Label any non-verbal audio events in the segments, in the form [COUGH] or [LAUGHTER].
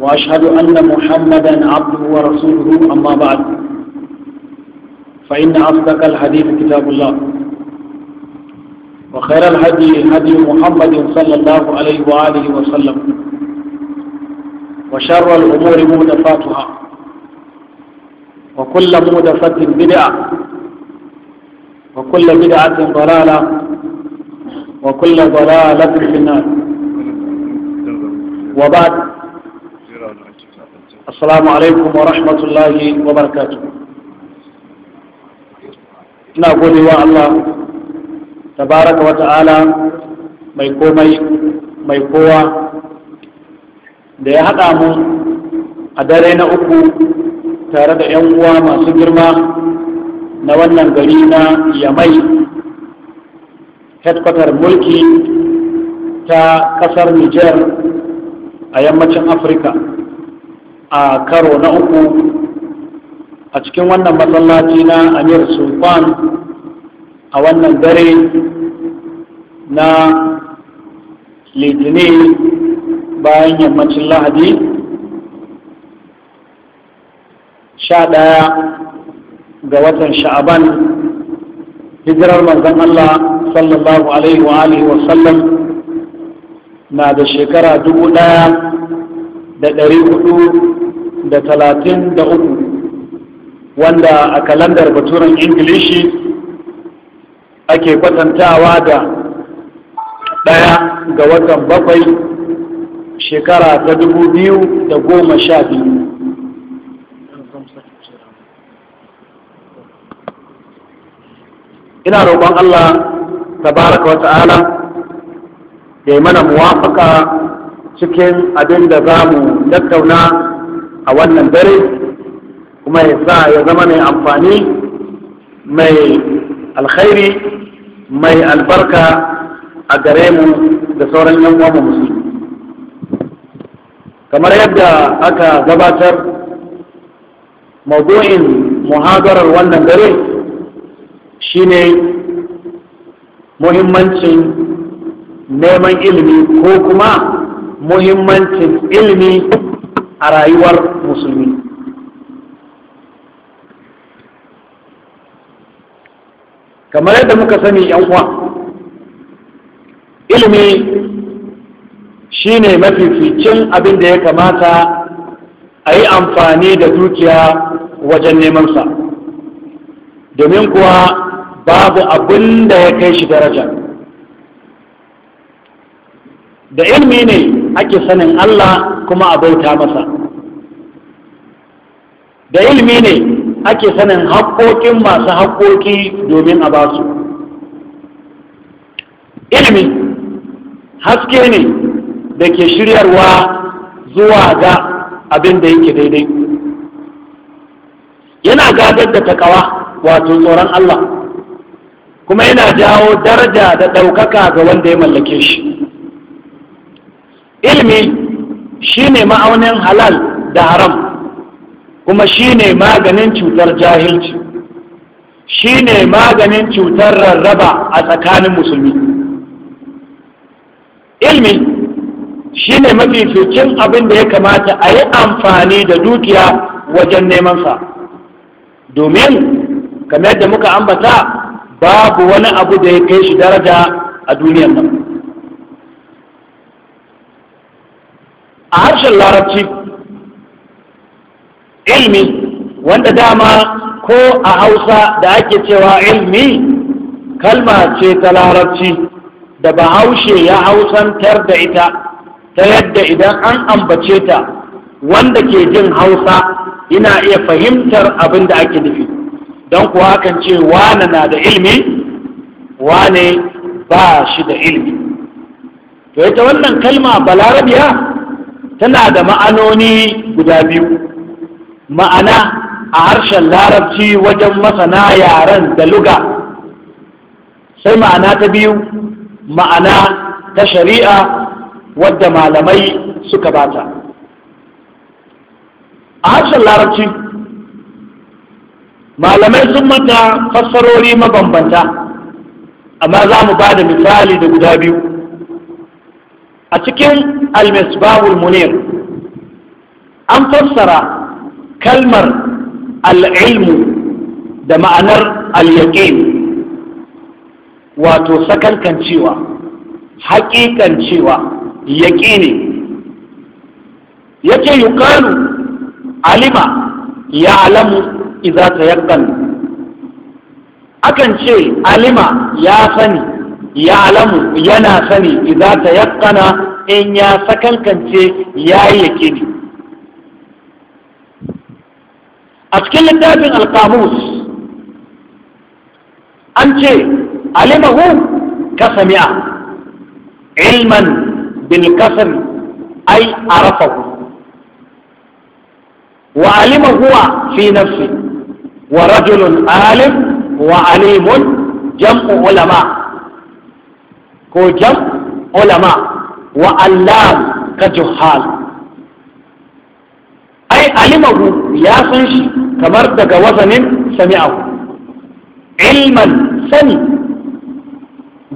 وأشهد أن محمدا عبده ورسوله أما بعد فإن أصدق الحديث كتاب الله وخير الهدي هدي محمد صلى الله عليه وآله وسلم وشر الأمور مهدفاتها وكل مهدفة بدعة وكل بدعة ضلالة وكل ضلالة في النار وبعد السلام عليكم ورحمة الله وبركاته ina gode wa Allah tabaraka wa ta'ala mai komai mai kowa da ya haɗa mu a dare na uku tare da 'yan uwa masu girma na wannan gari na yamai headquarter mulki ta ƙasar niger a yammacin afirka a karo na uku a cikin wannan masallaci na amir Sulfan, a wannan dare na Litini bayan yammacin lahadi sha ɗaya ga watan sha'aban hijirar manzon Allah sallallahu alaihi wa alihi wa sallam na da shekara dubu ɗaya da ɗari huɗu. da talatin da uku wanda a kalandar baturan ingilishi ake kwatantawa da ɗaya ga watan bakwai shekara ta dubu biyu da goma sha biyu ina roƙon Allah tabaraka wa ta'ala da yi mana muwafaka cikin abin da za mu tattauna a wannan dare kuma ya sa ya zama mai amfani mai alkhairi mai albarka a gare mu da sauran yan uwa musulmi kamar yadda aka gabatar mabu'in muhadarar wannan dare shine muhimmancin neman ilimi ko kuma muhimmancin ilimi a rayuwar musulmi kamar yadda muka sani yan uwa ilimi shine mafificin abin da ya kamata a yi amfani da dukiya wajen nemansa domin kuwa babu abin da ya kai shi daraja da ilimi ne ake sanin Allah kuma a bauta masa da ilimi ne ake sanin haƙoƙin masu haƙoƙi domin a ba su ilimi haske ne da ke shiryarwa zuwa ga abin da yake daidai yana gadar da takawa wato tsoron Allah kuma yana jawo daraja da ɗaukaka ga wanda ya mallake shi ilimi shine ma'aunin halal da haram kuma shi ne maganin cutar jahilci Shi ne maganin cutar rarraba a tsakanin musulmi ilmi shine mafificin abin da ya kamata a yi amfani da dukiya wajen nemansa, domin kamar da muka ambata babu wani abu da ya kai shi daraja a duniyan nan a harshen larabci ilmi wanda dama ko a hausa da ake cewa ilmi kalma ce ta larabci da bahaushe ya hausantar da ita ta yadda idan an ambace ta wanda ke jin hausa ina iya fahimtar abin da ake nufi don kuwa kan ce wane na da ilmi wane ba shi da ilmi to ita wannan kalma balarabiya tana da ma'anoni guda biyu ma'ana a harshen larabci wajen masana yaren da luga sai ma'ana ta biyu ma'ana ta shari'a wadda malamai suka bata a harshen larabci malamai sun mata fassarori mabambanta amma za mu ba da misali da guda biyu a cikin almisbahul munir an fassara kalmar al'ilmu da ma'anar al'yaƙin wato sakankan cewa haƙiƙan cewa yaƙi ne yake yuƙalu alima ya alamu iza ta yaƙan akan ce alima ya sani ya alamu yana sani iza ta yaƙana in ya sakankance ya yaƙi ne. a cikin littafin alkamus an ce alimahu kasami'a ilman bil kasami ai arafahu wa alima huwa fi nafsi wa rajulun alim wa alimun jam'u ulama ko jam ulama wa allam ka juhal ai alimahu ya san shi kamar daga wazanin sami'ahu ilman sani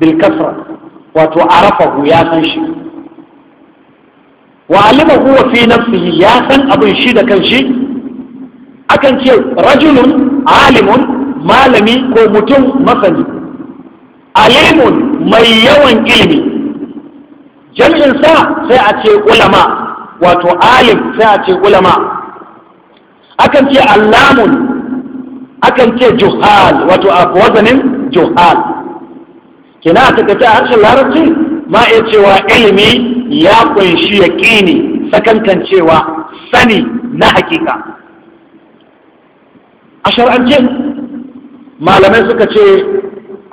bilkasra kasra wato arafahu ya san shi wa alimahu wa fi nafsihi ya san abin shi da shi, akan ce rajulun alimun malami ko mutum masani alimun mai yawan ilimi jam'in sa sai a ce ulama wato alim sai a ce ulama akan ce allamun akan ce juhal wato a juhal kina a takaita a harshen larabci ma iya cewa ilimi ya kunshi yaƙini sakankancewa sani na hakika a shar'ance malamai suka ce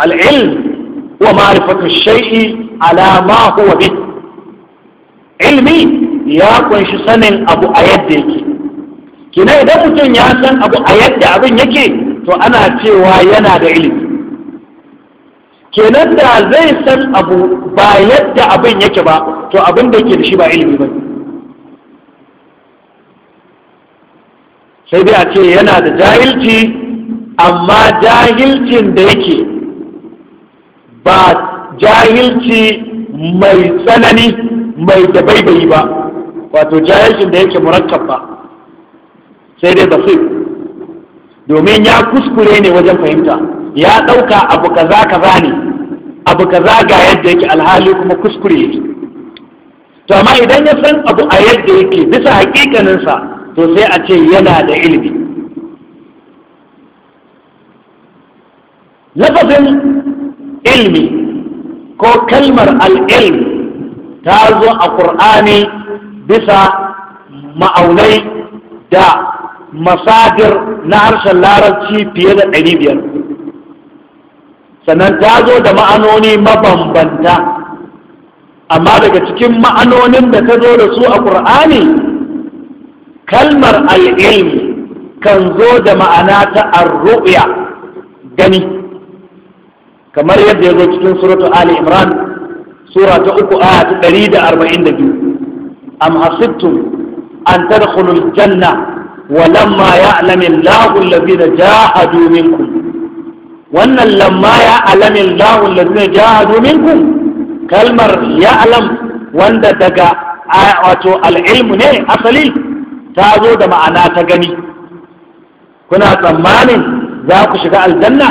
al'ilm wa ma'arifatu shai'i ala ma huwa bi ilmi ya kunshi sanin abu a yadda yake kina idan mutum ya san abu a yadda abin yake to ana cewa yana da ilimi kenan da zai san abu ba yadda abin yake ba to abin da yake da shi ba ilimi ba sai dai a ce yana da jahilci amma jahilcin da yake ba jahilci mai tsanani mai dabaibayi ba wato jahilcin da yake murakkab ba sai dai basir domin ya kuskure ne wajen fahimta ya ɗauka abu kaza kaza ne abu kaza ga yadda yake alhali kuma kuskure yake to amma idan ya san abu a yadda yake bisa hakikaninsa to sai a ce yana da ilimi lafazin ilmi ko kalmar al'ilm ta zo a ƙur'ani bisa ma'aunai da masadir na harshen larabci fiye da ɗari biyar sannan ta zo da ma'anoni mabambanta amma daga cikin ma'anonin da ta zo da su a ƙur'ani kalmar al'ilmi kan zo da ma'ana ta arru'ya gani kamar yadda ya zo cikin suratu ali imran sura ta uku a ɗari da arba'in da biyu am hasittum an tadkhulul janna walamma ya alamin wannan lamma ya alamin lahun labina jahadu minkum kalmar ya alam wanda daga wato al'ilmu ne asali ta zo da ma'ana ta gani kuna tsammanin za ku shiga aljanna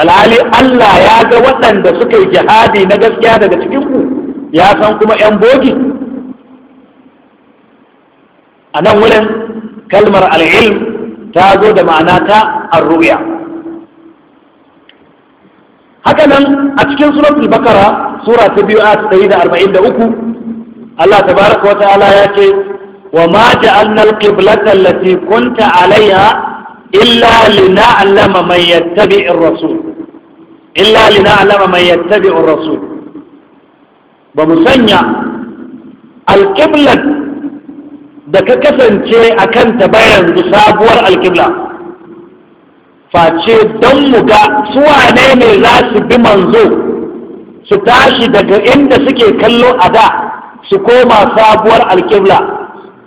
alhali Allah ya ga waɗanda suka yi jihadi na gaskiya daga cikinku ya san kuma 'yan bogi a nan wurin kalmar al'ilm ta zo da ma'ana ta arruya haka nan a cikin suratul bakara sura ta biyu a ɗari da arba'in da uku allah Ta tabaraka wa ta'ala ya ce wa ma ja'alna al-qiblata allati kunta alaiha إلا لنعلم من يتبع الرسول إلا لنعلم Ba mu sanya al القبلة da ka kasance a kan ta bayan sabuwar alkibla face don mu ga suwane ne za su bi manzo su tashi daga inda suke kallo a da su koma sabuwar alƙibla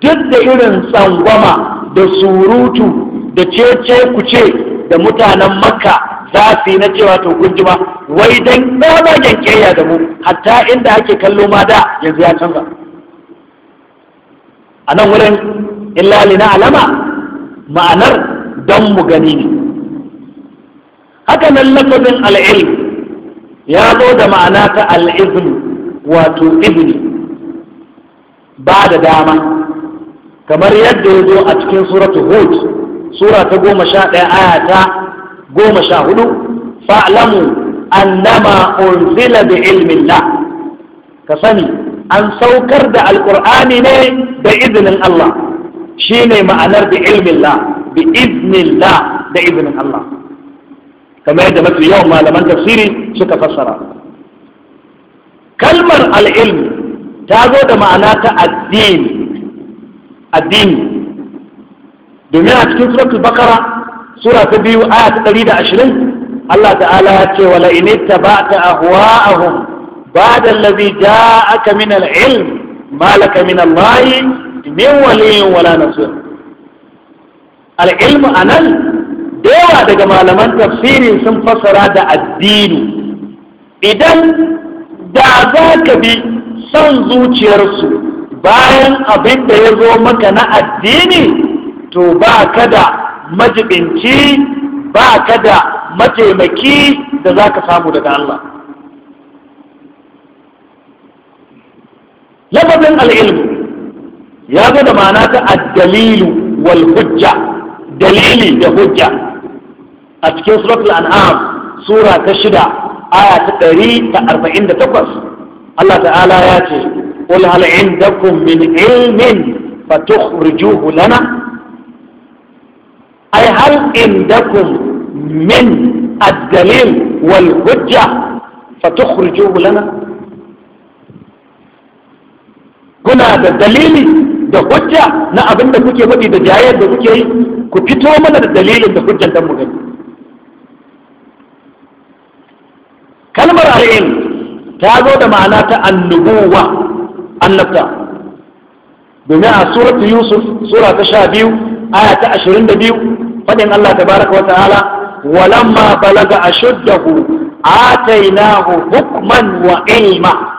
duk da irin tsangwama da surutu da cece kuce da mutanen makka za su yi na cewa to gunji ba wai don ɗanagen ƙeya da mu hatta inda ake kallo ma da yanzu ya canza a nan wurin illa na alama ma'anar don mu gani ne haka nan lafazin al'ilm ya zo da ma'ana ta al'izmi wato izini ba da dama kamar yadda ya zo a cikin suratu hud sura ta goma sha ɗaya aya ta goma sha hudu fa'lamu annama unzila bi ilmin la ka sani an saukar da alƙur'ani ne da izinin Allah shine ma'anar bi bi da izinin Allah kamar yadda mafi yawan malaman tafsiri suka fassara kalmar al'ilm ta zo da ma'ana ta addini addini domin a cikin suratul bakara sura ta biyu aya ta ɗari da ashirin Allah ta'ala ya ce wala in ittaba'ta ahwa'ahum ba'da ja aka min al malaka min Allah min waliyin wala nasir al-ilmu anan dewa daga malaman tafsiri sun fassara da addini idan da za ka bi son zuciyarsu bayan abin da ya zo maka na addini to ba ka da majibinci ba ka da mataimaki da za ka samu daga Allah lafazin al'ilmu ya zo da ma'ana ta addalilu wal hujja dalili da hujja a cikin suratul an'am sura ta shida aya ta ɗari ta arba'in da takwas Allah ta'ala ya ce qul hal indakum min ilmin fatukhrijuhu lana ay hal indakum min ad-dalil wal hujja fatukhrijuhu lana kuna da dalili da hujja na abin da kuke faɗi da jayayyar da kuke yi ku fito mana da dalilin da hujjan dan mu gani kalmar al'ilm ta zo da ma'ana ta annubuwa annabta domin a suratu yusuf sura ta sha biyu aya ta ashirin da biyu faɗin allah tabaraka wa ta'ala walamma balaga ashuddahu atainahu hukman wa ilma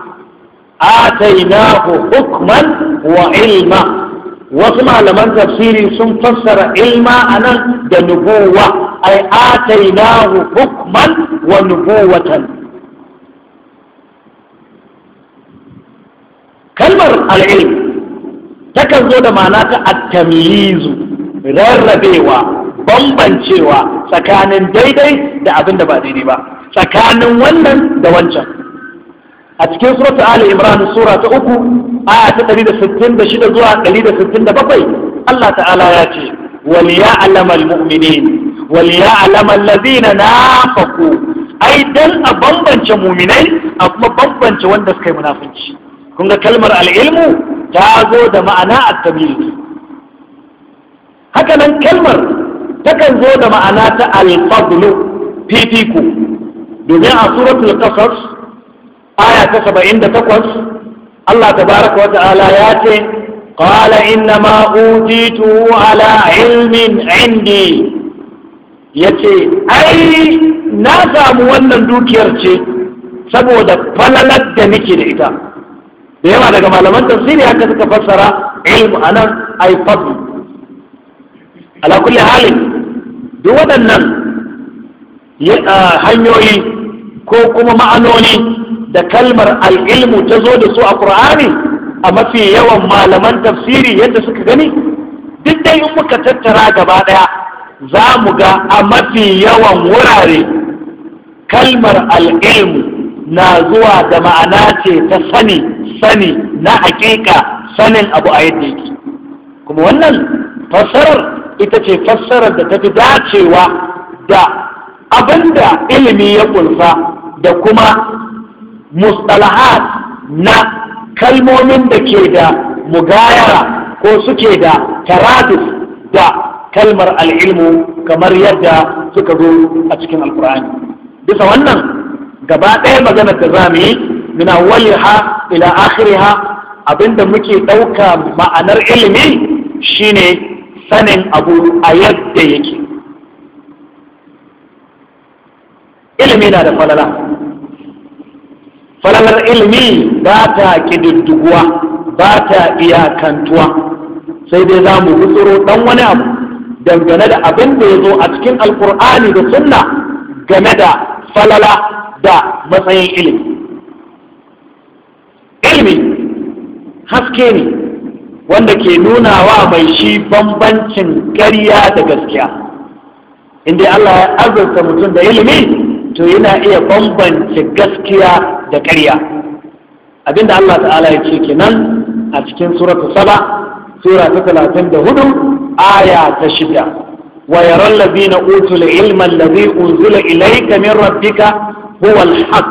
atainahu hukman wa ilma wasu malaman tafsiri sun fassara ilma a nan da nubuwa ai atainahu hukman wa nubuwatan kalmar al'ilm takan zo da ma'ana ta at rarrabewa bambancewa tsakanin daidai da abin da ba daidai ba tsakanin wannan da wancan a cikin suratu ali imran sura ta uku aya ta 166 zuwa 167 Allah ta'ala ya ce wal ya'lam al mu'minin wal ya'lam alladhina nafaqu ai dan a bambance mu'minai a kuma bambance wanda suka yi munafunci kun ga kalmar al ilmu ta zo da ma'ana at-tamyiz haka nan kalmar takan zo da ma'ana ta al-fadlu fifiko domin a suratul qasas aya ta saba'in da takwas Allah tabaraka wa ta'ala ya ce qala inna ma utitu ala ilmin indi ce, ai na samu wannan dukiyar ce saboda falalar da nake da ita da yawa daga malaman tafsiri aka suka fassara ilmu anan ai fadl ala halin duk waɗannan hanyoyi ko kuma ma'anoni da kalmar al'ilmu ta zo da su a ƙur'ani a mafi yawan malaman tafsiri yadda suka gani duk dai in muka tattara gaba ɗaya za mu ga a mafi yawan wurare kalmar al'ilmu na zuwa da ma'ana ce ta sani sani na hakika sanin abu a yadda yake kuma wannan fassarar ita ce fassarar da ta fi dacewa da abin da ilimi ya kulfa da kuma mustalahat na kalmomin da ke da mugayara ko suke da taradus da kalmar al'ilmu kamar yadda suka zo a cikin alkur'ani bisa wannan gaba ɗaya maganar da za mu yi min awwaliha ila akhiriha abinda muke ɗauka ma'anar ilimi shine sanin abu a yadda yake ilimi na da falala falalar ilimi ba ta ƙididduguwa, ba ta iyakantuwa sai dai za mu gutsuro ɗan wani abu dangane da abin da ya zo a cikin alkur'ani da sunna game da falala da matsayin ilimi ilimi haske ne wanda ke nuna wa mai shi bambancin ƙarya da gaskiya inda Allah ya azurta mutum da ilimi to yana iya bambance gaskiya da ƙarya abinda Allah ta'ala ya ce kenan a cikin suratu saba sura ta talatin da hudu aya ta shida wa yaral ladina utul ilman alladhi unzula, ilayka min rabbika huwa alhaq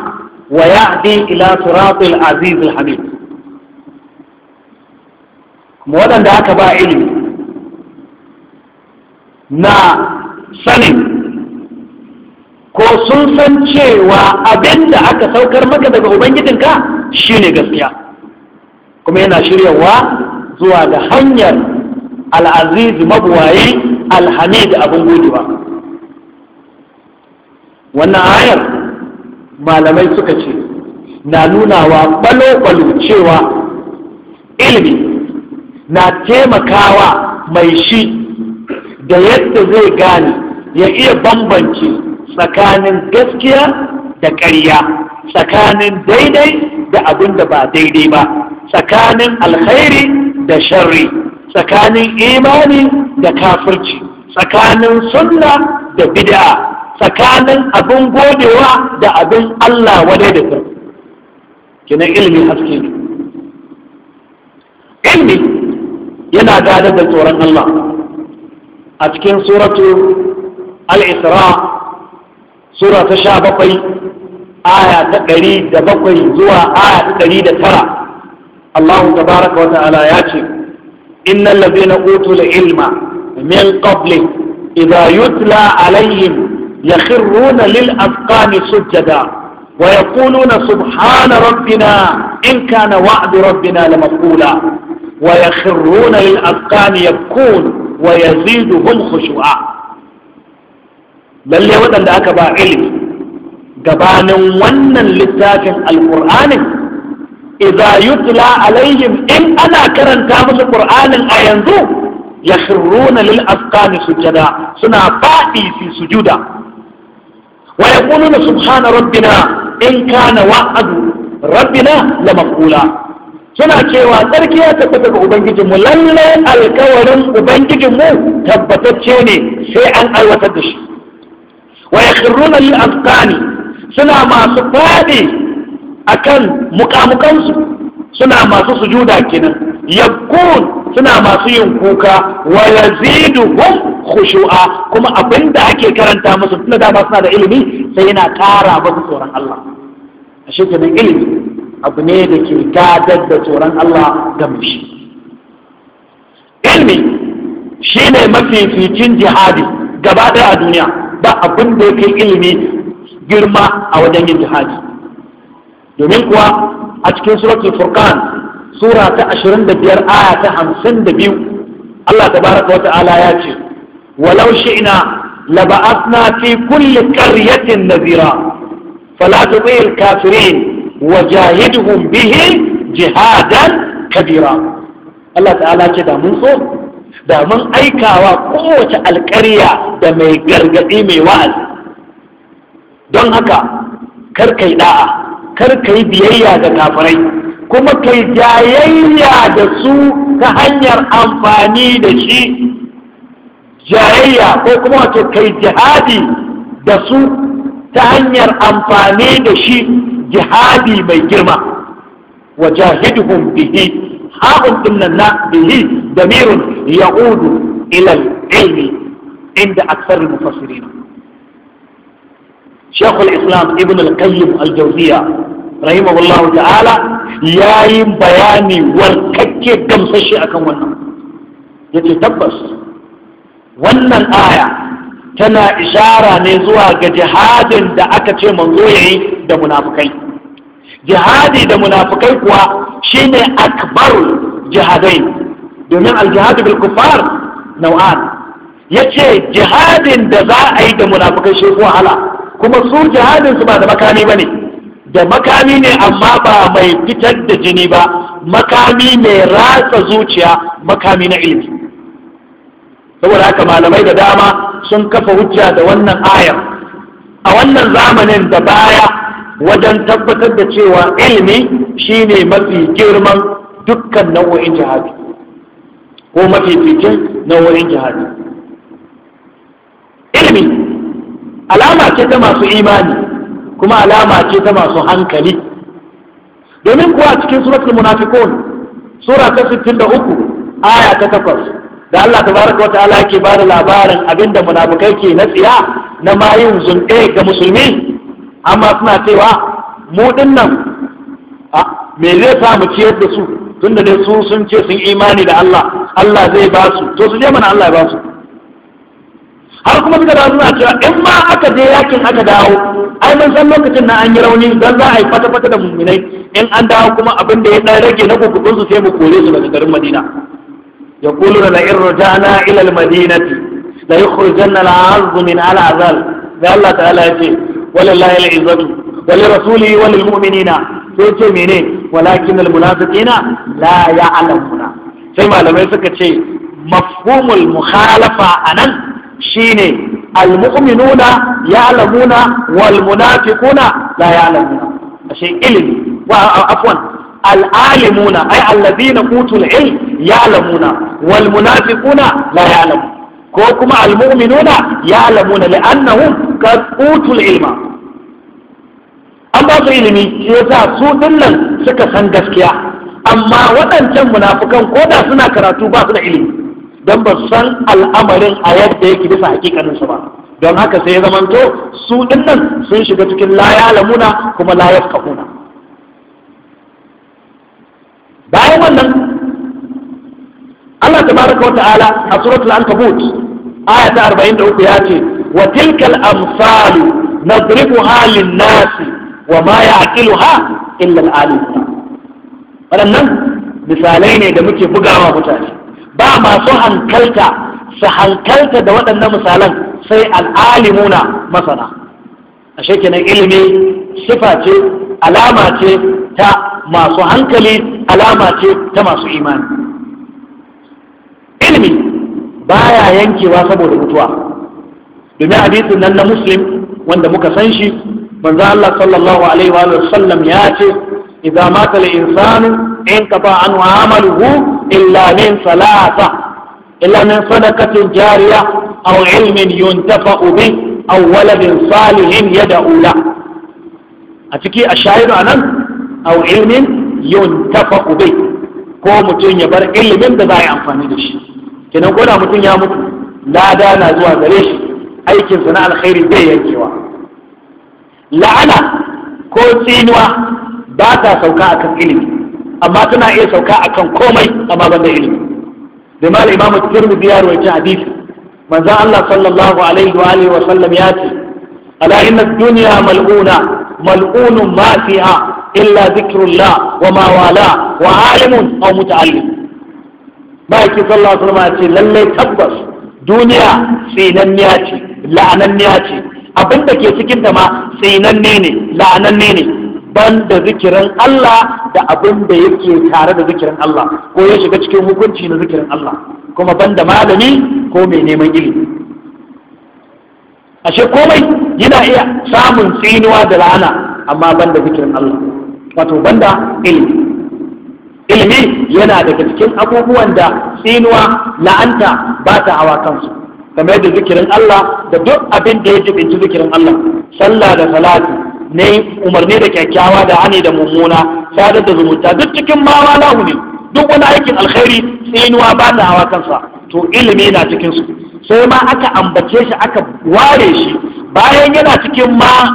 wa ya'di ila siratil aziz alhamid kuma waɗanda aka ba ilimi na sanin ko sun san cewa abin da aka saukar maka daga ubangijinka shine gaskiya kuma yana shiryawa zuwa da hanyar al'aziz mabuwaye alhamid abin ba wannan ayar malamai suka ce na nunawa balo-balo cewa ilimi na taimakawa mai shi da yadda zai gane ya iya bambance tsakanin gaskiya da ƙarya tsakanin daidai da abin da ba daidai ba tsakanin alkhairi da sharri tsakanin imani da kafirci tsakanin sunna da bid'a tsakanin abin godewa da abin Allah wadai da ta kina ilmi haske ne ilmi yana gada da tsoron Allah a cikin suratu al-isra سورة الشعبقي آية تقريد بقي زوى آية تقريد ترى الله تبارك وتعالى ياتي إن الذين أوتوا العلم من قبل إذا يتلى عليهم يخرون للأذقان سجدا ويقولون سبحان ربنا إن كان وعد ربنا لمفقولا ويخرون للأذقان يبكون ويزيدهم خشوعا Lallai waɗanda aka ba ilimi gabanin wannan littafin alƙur'anin idza yutla alaihim in ana karanta musu ƙur'anin a yanzu yakhruna lil asqani sujada suna faɗi fi sujuda wa yaquluna subhana rabbina in kana wa'adu rabbina lamaqula suna cewa tsarki ya tabbata ga ubangijinmu lalle alkawarin mu tabbatacce ne sai an aiwatar da shi wa yakhruna lil azqani suna masu fadi akan mukamukansu suna masu sujuda kenan yakun suna masu yin kuka wa yaziduhum khushu'a kuma abinda ake karanta musu tunda dama suna da ilimi sai yana ƙara musu tsoron Allah ashe kenan ilimi abu ne da ke gadar da tsoron Allah ga ilimi shine mafificin jihadi gaba ɗaya a duniya ba abin da kai ilimi girma a wajen yin jihadi domin kuwa a cikin suratul furqan sura ta 25 aya ta 52 Allah tabaraka wa ta'ala ya ce walau shi'na na fi kulli qaryatin nadhira fala tu'il kafirin wajahidhum bihi jihadan kabira Allah ta'ala ce da mun so da mun aikawa kowace alƙarya da mai gargaɗi mai wa'azi don haka kar kai da'a kar kai biyayya ga kafirai kuma kai jayayya da su ta hanyar amfani da shi jayayya ko kuma wato kai jihadi da su ta hanyar amfani da shi jihadi mai girma wa jahiduhum bihi حاضر ان الناس به دمير يعود الى العلم عند اكثر المفسرين شيخ الاسلام ابن القيم الجوزية رحمه الله تعالى يايم بياني والكتية كم سشيء كم ونا يتتبس ونا الآية تنا إشارة نزوى جهاد دا أكتش منزوعي دا منافقين جهادي دا منافقين shine akbar jihadai domin aljihadu bil kufar nau'an yace jihadin da za a yi da munafukai shi wahala kuma su jihadin su ba da makami ne. da makami ne amma ba mai fitar da jini ba makami mai ratsa zuciya makami na ilimi saboda haka malamai da dama sun kafa hujja da wannan ayar a wannan zamanin da baya wajen tabbatar da cewa ilimi shine mafi girman dukkan nau'o'in jihadi ko mafi fitin nau'o'in jihadi ilimi alama ce ta masu imani kuma alama ce ta masu hankali domin kuwa cikin suratul munafiqun sura ta 63 aya ta 8 da Allah tabaraka wa ta'ala yake ke bada labarin abinda munafikai ke na tsiya na mayun zunɗe ga musulmi amma suna cewa mu dinnan me zai sa mu ciyar da su tunda dai su sun ce sun imani da Allah Allah zai ba su to su je mana Allah ya ba su har kuma suka dawo suna cewa in ma aka je yakin aka dawo ai mun san lokacin na an yi rauni dan za a yi fata fata da muminai in an dawo kuma abin da ya dan rage na gugudun su sai mu kore su daga garin Madina yaquluna la in rajana ila al madinati la yukhrijanna al azmu min al azal da Allah ta'ala ya ce walillahi al'izzatu wa li rasulihi wa lil sai ce mene walakin al munafiqina la ya'lamuna sai malamai suka ce mafhumul mukhalafa nan shine al mu'minuna ya'lamuna wal munafiquna la ya'lamuna ashe ilimi wa afwan la ko kuma almu'minuna ya'lamuna li'annahum qad utul ilma an ba su ilimi yasa su dinnan suka san gaskiya amma waɗancan munafukan ko da suna karatu ba su da ilimi don ba su san al'amarin a yadda yake bisa hakikaninsu ba don haka sai ya zamanto su dinnan sun shiga cikin la ya'lamuna kuma la yafqahuna bayan wannan Allah tabaraka wata'ala a suratul ankabut aya ta 43 ya ce wa tilkal amsalu nadribuha halin nasi wa ma ya'qiluha illa alim waɗannan misalai ne da muke bugawa mutane ba masu hankalta su hankalta da waɗannan misalan sai al'alimuna masana ashe kenan ilimi sifa ce alama ce ta masu hankali alama ce ta masu imani ilimi baya yankewa saboda mutuwa domin hadisin nan na muslim wanda muka san shi manzo Allah sallallahu alaihi wa sallam ya ce idza mata al-insanu in kafa an amaluhu illa min salasa illa min sadaqatin jariya aw ilmin yuntafa'u bih aw waladin salihin yad'u la a ciki a shahidu anan aw ilmin yuntafa'u bih ko mutum ya bar ilimin da za a yi amfani da shi kenan ko da mutum ya mutu lada na zuwa gare shi aikinsa na alkhairi zai yankewa la'ana ko tsinuwa ba ta sauka akan ilimi amma tana iya sauka akan komai amma banda ilimi da mal imamu tirmidhi ya rawaita hadisi manzo Allah sallallahu alaihi wa alihi wa sallam ya ce ala inna dunya mal'una mal'unun ma fiha illa dhikrullah wa ma wala wa alimun aw muta'allim ma'aiki sallallahu alaihi ce lallai tabbas duniya tsinanniya ce la'ananniya ce abin da ke cikin ta ma tsinanne ne la'ananne ne ban da zikirin Allah da abin da yake tare da zikirin Allah ko ya shiga cikin hukunci na zikirin Allah kuma ban da malami ko mai neman ilimi ashe komai yana iya samun tsinuwa da la'ana amma ban da zikirin Allah wato ban da ilimi ilimi yana daga cikin abubuwan da tsinuwa la'anta ba ta hawa kansu kamar da zikirin Allah da duk abin da ya jibinci zikirin Allah sallah da salatu ne umarni da kyakkyawa da hane da mummuna sadar da zumunta duk cikin mawa lahu ne duk wani aikin alkhairi tsinuwa ba ta hawa kansa to ilimi na cikin su sai ma aka ambace shi aka ware shi bayan yana cikin ma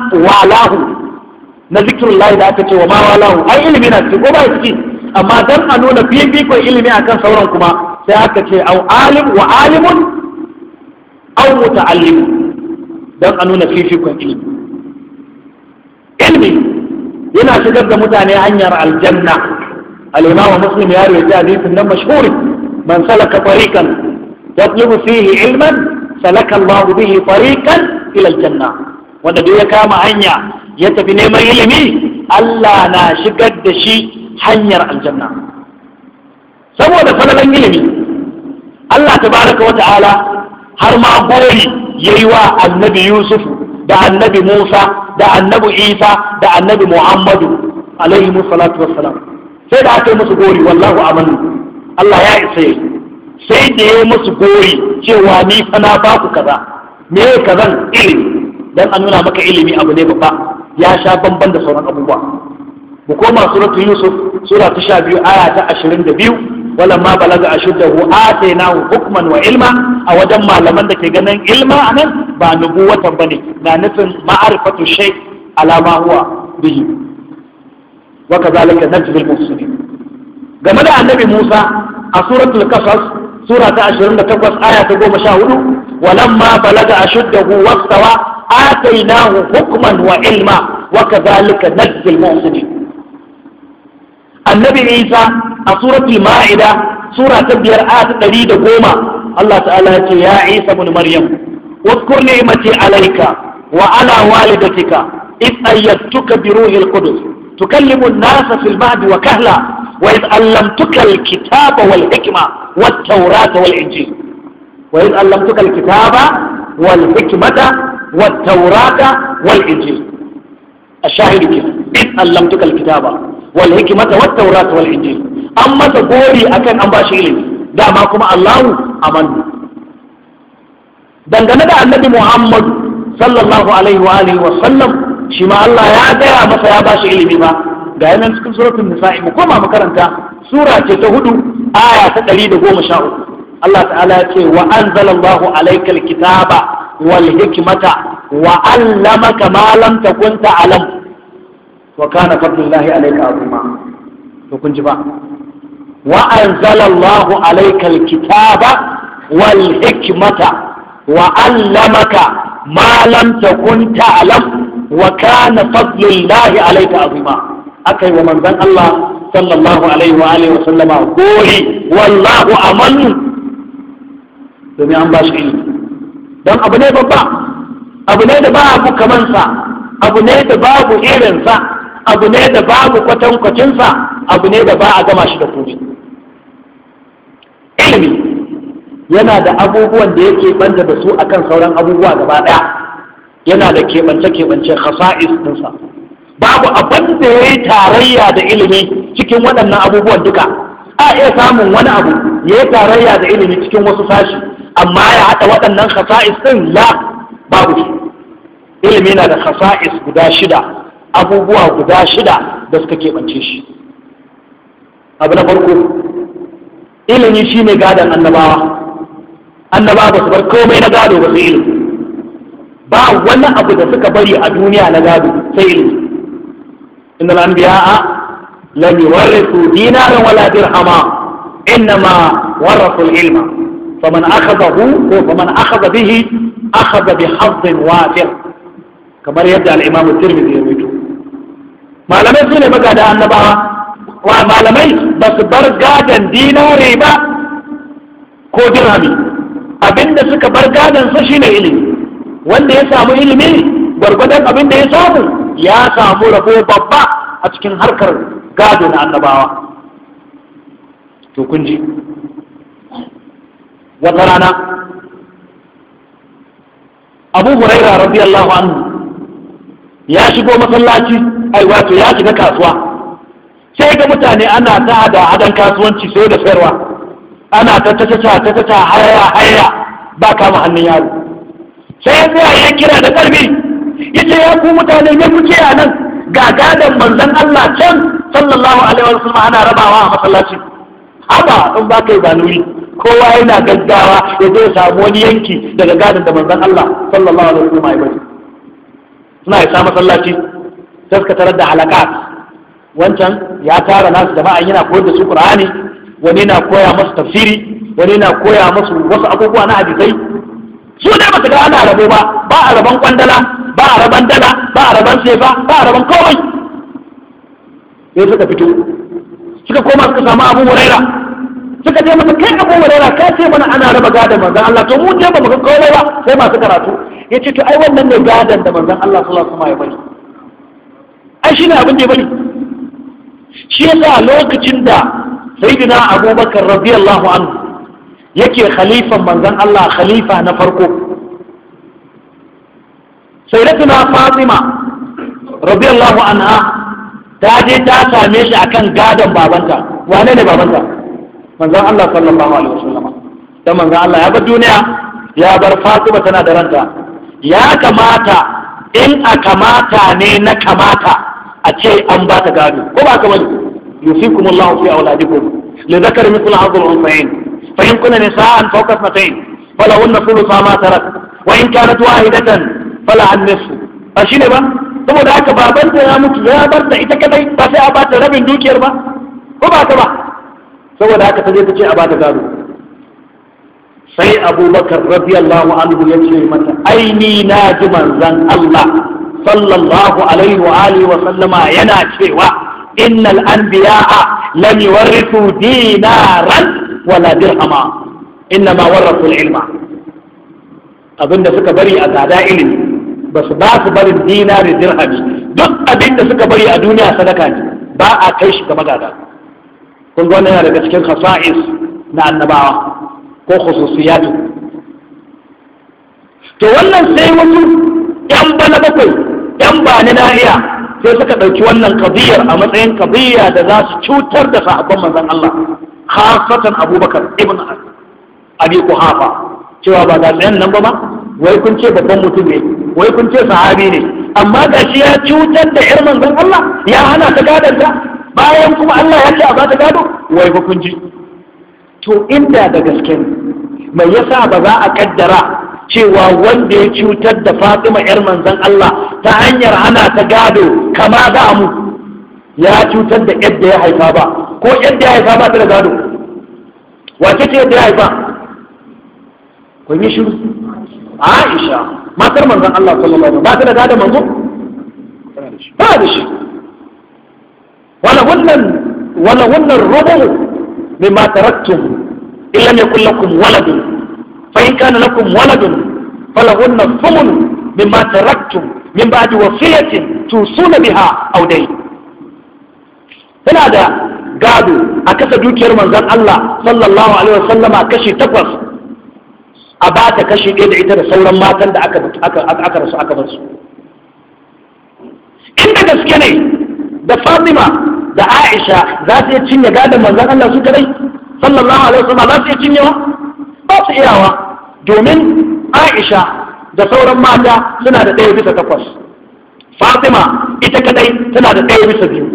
na zikirin da aka ce wa ma ai ilimi na cikin ko ba ciki amma dan a nuna fifikon ilimi akan sauran kuma sai aka ce au alim wa alimun au muta'allim dan a nuna fifikon ilimi ilimi yana shigar da mutane hanyar aljanna al-imamu muslim ya rawaita hadithin nan mashhuri man salaka tariqan yatlubu fihi ilman salaka Allah bihi tariqan ila al-janna wanda duk ya kama hanya ya tafi neman ilimi Allah na shigar da shi hanyar aljanna saboda falalan ilimi Allah tabaraka wa ta'ala har ma gori yayi wa annabi Yusuf da annabi Musa da annabi Isa da annabi Muhammadu alaihi salatu wassalam sai da aka yi musu gori wallahu amanu Allah ya isa yi sai da ya musu gori cewa ni fa na ba ku kaza me kazan ilimi dan an nuna maka ilimi abu ne babba ya sha bamban da sauran abubuwa mu koma suratul yusuf sura ta sha biyu aya ta ashirin da biyu walamma balaga ashuddahu atainahu hukman wa ilma a wajen malaman da ke ganin ilma anan ba nubuwatan bane na nufin ma'arifatu shay alama huwa bihi wa kadhalika najzil muhsinin game da annabi Musa a suratul qasas sura ta 28 aya ta 14 walamma balaga ashuddahu wastawa atainahu hukman wa ilma wa kadhalika najzil muhsinin annabi Isa a surati ma'ida sura biyar a ta ɗari da goma Allah ta'ala ce ya Isa bin Maryam wakkur ne mace alaika wa ala walidatika in ayyattuka bi ruhil qudus tukallimu an-nasa fil ba'd wa kahla wa in kitaba wal hikma wat tawrata wal injil wa in kitaba wal hikmata wat tawrata wal injil ashahidu kin in allamtuka al-kitaba wal hikmata wat tawrat wal injil an masa gori akan an bashi ilimi dama kuma Allahu amannu dangane da annabi Muhammad sallallahu alaihi wa alihi wa sallam shi ma Allah ya gaya masa ya bashi ilimi ba ga yanan cikin suratul nisa'i mu koma makaranta sura ce ta hudu aya ta 113 Allah ta'ala ya ce wa anzalallahu alaikal kitaba wal hikmata wa allamaka ma lam takun ta'lam wa kana fadlullahi alayka azima to kun ji ba wa anzalallahu alayka wal hikmata wa allamaka ma lam takun ta'lam wa kana fadlullahi alayka azima akai wa manzon Allah sallallahu alaihi wa alihi wa sallama gori wallahu amanu domin an ba ilimi don abu ne babba abu ne da babu kamansa abu ne da babu abu ne da babu kwatankwacinsa abu ne da ba a gama shi da kuri ilimi yana da abubuwan da yake banda da su akan sauran abubuwa gaba ɗaya yana da keɓance-keɓance khasa'is ɗinsa babu abin da ya yi tarayya da ilimi cikin waɗannan abubuwan duka a iya samun wani abu ya yi tarayya da ilimi cikin wasu sashi amma ya haɗa waɗannan khasa'is ɗin la babu ilimi na da khasa'is guda shida abubuwa guda shida da suka keɓance shi abu na farko ilimi shine gadon annabawa annabawa ba su bar komai na gado ba sai ilimi ba wani abu da suka bari a duniya na gado sai ilimi inna al-anbiya'a lam yuwarrisu dinaran wala dirhama innama warathu al-ilma faman akhadahu ko faman aka zabihi, aka bi hazzin wafir kamar yadda al-imam tirmidhi malamai su ne magada annabawa wa malamai ba su bar gadon dinare ba ko dirhami abinda suka bar gadon sa shine ilimi wanda ya samu ilimi gwargwadon abinda ya samu ya samu rabo babba a cikin harkar gado na annabawa to kun wata rana abu huraira radiyallahu anhu ya shigo masallaci ai wato ya shiga kasuwa sai ga mutane ana ta da hadan kasuwanci sai da sayarwa ana ta ta ta ta haya haya ba kama hannun yaro sai ya ya kira da karbi yace ya ku mutane ne kuke a nan ga gadan manzon Allah can sallallahu alaihi wasallam ana rabawa a masallaci haba in ba kai ba nuri kowa yana gaggawa ya zo samu wani yanki daga gadon da manzon Allah sallallahu alaihi wasallam ya bari suna isa masallaci sai suka tarar da alaƙa wancan ya tara nasu jama'a yana koyar da su qur'ani wani na koya masu tafsiri wani na koya masu wasu abubuwa na hadisai su ne ba su ga ana rabo ba ba a rabon kwandala ba a rabon dala ba a rabon sefa ba a rabon komai sai suka fito suka koma suka samu abu huraira suka je masa kai abu huraira ka ce mana ana raba gadon manzon Allah to mu je ba mu ga komai ba sai masu karatu yace to ai wannan ne gadon da manzon Allah sallallahu alaihi wasallam ya bari ai ne abin da ya bari shi yasa lokacin da sayyidina abubakar radiyallahu anhu yake khalifan manzon Allah khalifa na farko sayyidatuna fatima radiyallahu anha ta je ta same shi akan gadon babanta wane ne babanta manzon Allah sallallahu alaihi wasallam dan manzon Allah ya bar duniya ya bar fatima tana da ranta ya kamata in a kamata ne na kamata a ce an ba ka gado ko ba ka bane yusikum Allah fi auladikum li dhakari mithlu hadhi al-unthayayn fa in kunna nisa'an fawqa ithnatayn falahunna thuluthu ma tarak wa in kanat wahidatan fala an-nisfu ba shine ba saboda haka babanta ya mutu ya bar da ita kadai ba sai a ba ta rabin dukiyar ba ko ba ta ba saboda haka ta je ta ce a ba ta gado sai abubakar radiyallahu anhu ya ce mata aini na ji zan Allah sallallahu alaihi wa alihi wa sallama yana cewa innal anbiya'a lam yuwarrithu dinaran wala dirhama inna ma warrathu ilma abinda suka bari a gada ilimi ba su ba su barin dinari dirhami duk abinda suka bari a duniya sadaka ne ba a kai shi ga magada kun ga wannan daga cikin khasa'is na annabawa ko khususiyatu to wannan sai wasu yan bana bakwai yan ba na nahiya sai suka ɗauki wannan kabiyar a matsayin kabiya da za su cutar da sahabban manzon Allah khasatan abubakar ibn abi kuhafa cewa ba da tsayan nan ba ba wai kun ce babban mutum ne wai kun ce sahabi ne amma ga shi ya cutar da irin manzon Allah ya hana ta gadon ta bayan kuma Allah ya ce a ba ta gado wai ba kun ji to inda da gaske mai yasa ba za a kaddara cewa wanda ya cutar da fatima yar manzon Allah ta hanyar ana ta gado kama za mu ya cutar da yadda ya haifa ba ko yadda ya haifa ba ta da gado wace ce yadda ya haifa kun yi shiru aisha matar manzon Allah sallallahu alaihi wasallam ba ta da gado manzo ba da shi wala wannan wala wannan rubu mimma taraktum illa yakul lakum waladun fa in kana lakum waladun falahunna thumun mimma taraktum min ba'di wasiyatin tusuna biha aw dayn tana da gado a kasa dukiyar manzon Allah sallallahu alaihi wasallama kashi takwas a ba ta kashi ɗaya da ita da sauran matan da aka aka rasu aka bar su inda gaske ne da Fatima da Aisha za su iya cinye gadon manzon Allah su kadai sallallahu alaihi wasallam za su iya cinyewa ba su iyawa domin aisha da sauran mata suna da ɗaya bisa takwas fatima ita kadai tana da ɗaya bisa biyu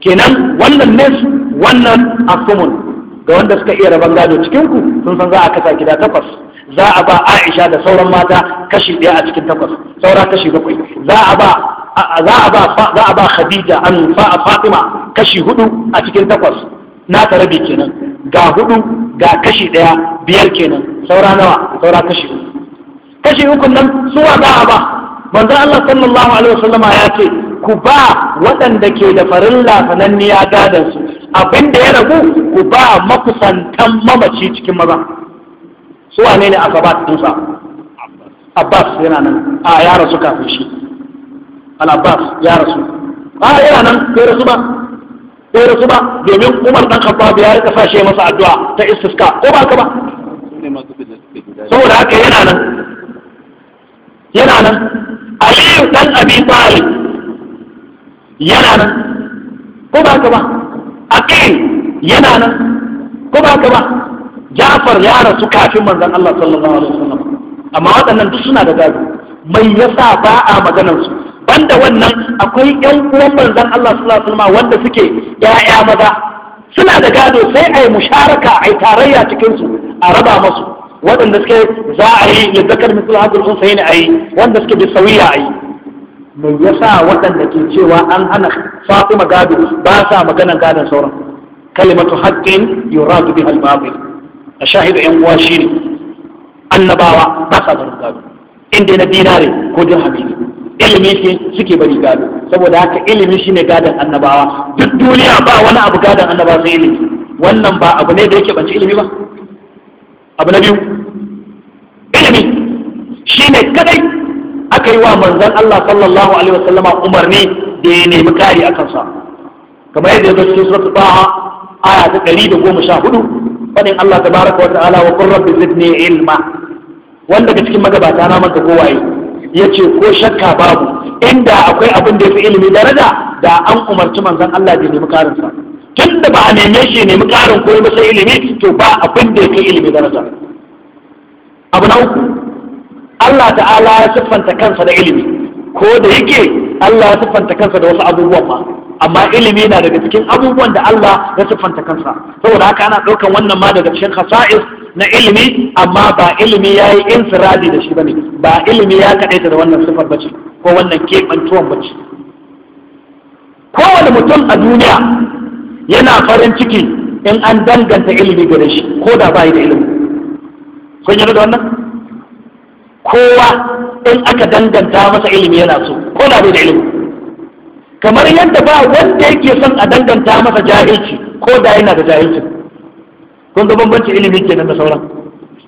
kenan wannan nes wannan asumun ga wanda suka iya rabon gado cikinku sun san za a kasa gida takwas za a ba aisha da sauran mata kashi ɗaya a cikin takwas saura kashi bakwai za a ba za a ba khadija an fatima kashi hudu a cikin takwas na ta rabi kenan ga hudu ga kashi ɗaya biyar kenan saura nawa saura kashi uku kashi uku nan suwa za a ba manzo Allah sallallahu alaihi wasallam ya ce ku ba waɗanda ke da farilla sananniya gadan su abin da ya ragu ku ba makusantan mamaci cikin maza su wane ne aka ba tusa Abbas yana nan a ya rasu kafin shi al Abbas ya rasu a yana nan ya rasu ba ya rasu ba domin Umar dan Khattab ya rika sashe masa addu'a ta istiska ko ba ka ba saboda haka yana nan yana nan aliyu dan abi talib yana nan ko ba ka ba aqil yana nan ko ba ka ba jafar ya rasu kafin manzon Allah sallallahu alaihi wasallam amma waɗannan duk suna da gado mai yasa ba a maganar su banda wannan akwai ƴan uwan manzon Allah sallallahu alaihi wasallam wanda suke ƴaƴa maza suna da gado sai ai musharaka ai tarayya cikin su a raba masu waɗanda suke za a yi ya zakar misal hadar sun sayi a yi wanda suke bi sauya a yi me yasa waɗanda ke cewa an hana fatima gado ba sa maganan gadon sauran kalimatu haqqin yuradu biha al-batil a shahidu ƴan uwa shine annabawa ba sa barin gado inda na dinare ko dirhami ne ilimi ke suke bari gado saboda haka ilimi shi ne gadon annabawa duk duniya ba wani abu gadon annabawa sai ilimi wannan ba abu ne da yake banci ilimi ba abu na biyu ilimi shine kadai aka yi wa manzon Allah sallallahu alaihi wasallama umarni da ya nemi kari a kansa kamar yadda ya zo cikin suratul aya ta 114 fadin Allah tabaraka wa ta'ala wa qur rabbi zidni ilma wanda daga cikin magabata na maka kowaye yace ko shakka babu inda akwai abin da ya fi ilimi daraja da an umarci manzon Allah da ya nemi karinsa tun da ba a neme shi nemi ƙarin koyi ba sai ilimi to ba abin da ya kai ilimi da nasa abu na uku Allah ta'ala ya siffanta kansa da ilimi ko da yake Allah ya siffanta kansa da wasu abubuwan ma amma ilimi na daga cikin abubuwan da Allah ya siffanta kansa saboda haka ana ɗaukan wannan ma daga cikin khasa'is na ilimi amma ba ilimi ya yi insiradi da shi bane ba ilimi ya kaɗaita da wannan siffar bace ko wannan keɓantuwan bace kowane mutum a duniya yana farin ciki in an danganta ilimi gare shi ko da bai da ilimi kun yana da wannan kowa in aka danganta masa ilimi yana so ko da bai da ilimi kamar yadda ba wanda yake son a danganta masa jahilci ko da yana da jahilci kun ga bambancin ilimi kenan da sauran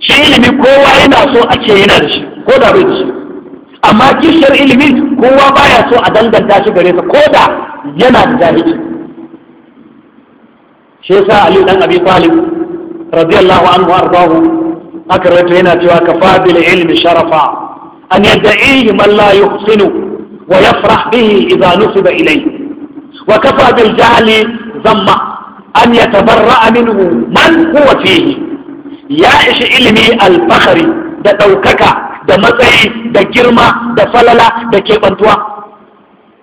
shi ilimi kowa yana so a ce yana da shi ko da bai da shi amma kishiyar ilimi kowa baya so a danganta shi gare sa ko da yana da jahilci shi yasa ali dan abi talib radiyallahu anhu ardahu aka rawaito yana cewa ka fadil ilmi sharafa an yad'ihi man la yuhsinu wa yafrah bihi idha nusiba ilayhi wa kafa bil jahli zamma an yatabarra'a minhu man huwa fihi ya ishi ilmi al-fakhri da daukaka da matsayi da girma da falala da kebantuwa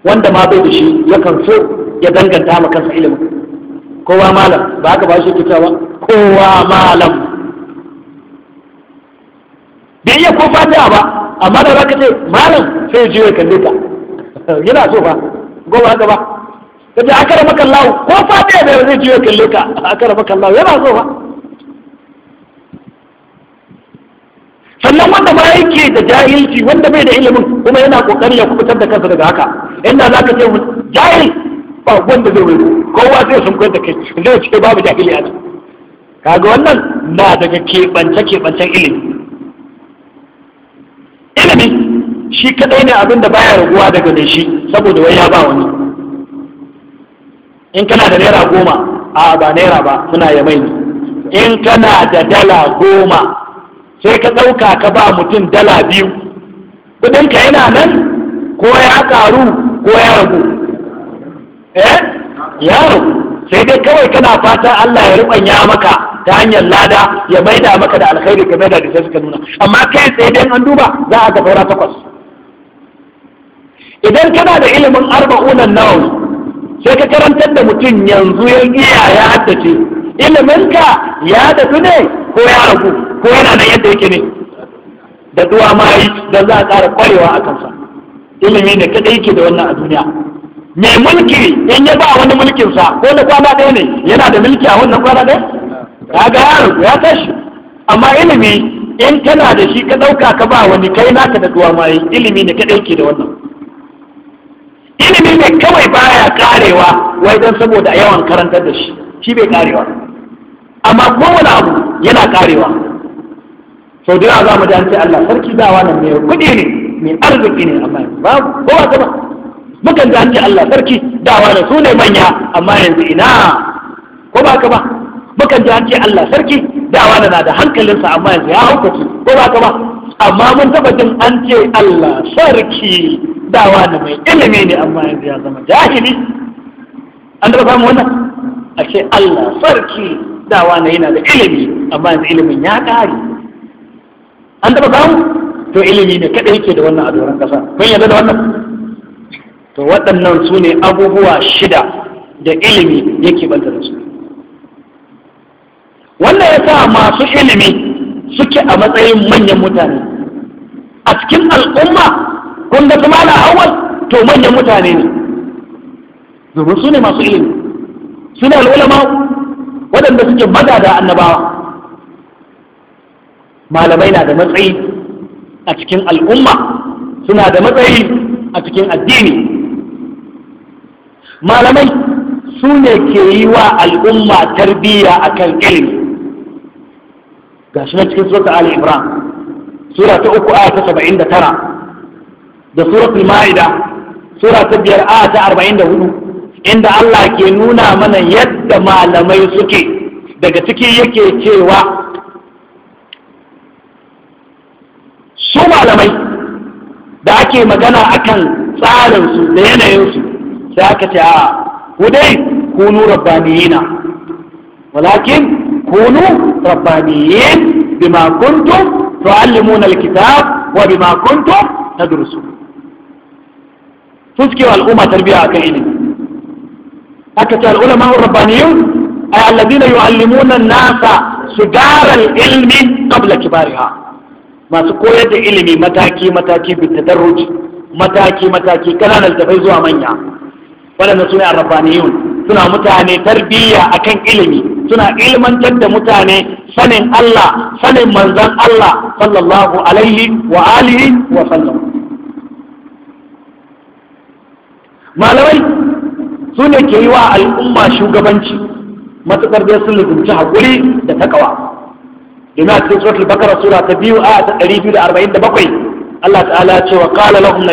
wanda ma bai da shi yakan so ya danganta ma kansa ilimin kowa malam ba haka ba shi ke cewa kowa malam bai iya ko ta ba amma da zaka ce malam sai ya je ya kalle ta [LAUGHS] yana so fa goma haka ba ce akara maka lawo ko fatiha bai zai jiwe ya kalle ka [LAUGHS] akara maka lawo yana so fa sannan wanda ba yake da jahilci wanda bai da ilimin kuma yana kokari ya kubutar da kansa daga haka inda zaka ce jahil ba wanda zai wuri kowa zai sun kwanta kai zai ce babu jahili a nan kaga wannan na daga keɓance keɓancen ilimi ilimi shi kadai ne abin da baya raguwa daga mai shi saboda wai ya ba wani in kana da naira goma a ba naira ba suna ya mai in kana da dala goma sai ka ɗauka ka ba mutum dala biyu kudinka yana nan ko ya karu ko ya ragu Eh? yaro sai dai kawai kana fata Allah ya rubanya maka ta hanyar lada ya maida maka da alkhairi maida da sai suka nuna amma kai sai dai an duba za a ga saura takwas idan kana da ilimin nan nawa, sai ka karantar da mutum yanzu ya iya ya haddace ka ya tafi ne ko ya ragu ko yana nan yadda yake ne da duwa ma yi don za a ƙara kwarewa a kansa ilimi ne kaɗai yake da wannan a duniya mai mulki in ya ba wani mulkinsa ko na kwana ɗaya ne yana da mulki a wannan kwana ɗaya ya ga yaro ya tashi amma ilimi in kana da shi ka ɗauka ka ba wani kai naka da duwa mai ilimi ne ka ɗauke da wannan ilimi ne kawai baya karewa wai don saboda yawan karantar da shi shi bai karewa amma kowane abu yana karewa sau da yawa za mu ji an ce Allah sarki dawa nan mai kuɗi ne mai arziki ne amma ba kowa gaba mukan da hanci Allah sarki dawa da su ne manya amma yanzu ina ko ba ka ba mukan da hanci Allah sarki dawa da na da hankalinsa amma yanzu ya haukaci ko ba ka ba amma mun taba jin an ce Allah sarki dawa da mai ilimi ne amma yanzu ya zama jahili an taba samu wannan a ce Allah sarki dawa na yana da ilimi amma yanzu ilimin ya kare an taba samu to ilimi ne kada yake da wannan a doron kasa kun yarda da wannan to waɗannan su ne abubuwa shida da ilimi yake banta da su Wannan ya sa masu ilimi suke a matsayin manyan mutane a cikin al'umma kun ga kuma na awal to manyan mutane ne domin su ne masu ilimi su ne al'ulama waɗanda suke maza da annabawa malamai na da matsayi a cikin al'umma suna da matsayi a cikin addini malamai su ne ke yi wa al'umma tarbiyya a kan ilimi shi na cikin surat ali imran sura ta uku ayata ta saba'in da tara da surat ma'ida sura ta biyar ayata ta arba'in da hudu inda allah ke nuna mana yadda malamai suke daga ciki yake cewa su malamai da ake magana akan tsarinsu da yanayinsu sai ka ce a ku dai kunu rabbaniyina walakin kunu rabbaniyin bima kuntum tu'allimuna alkitab wa bima kuntum tadrusu sun suke al'umma tarbiya akan ilimi aka ce al'ulama rabbaniyun ay alladhina yu'allimuna an-nasa sudaral ilmi qabla kibariha masu koyar da ilimi mataki mataki bitadarruj mataki mataki kananan tafai zuwa manya waɗannan suna rabbaniyun suna mutane tarbiyya akan ilimi suna ilmantar da mutane sanin Allah sanin manzon Allah sallallahu alaihi wa alihi wa sallam malamai su ne ke yi wa al'umma shugabanci matuƙar dai sun lizumci haƙuri da takawa ina cikin suratul bakara sura ta biyu a ta ɗari biyu da arba'in da bakwai Allah ta'ala ce wa qala lahum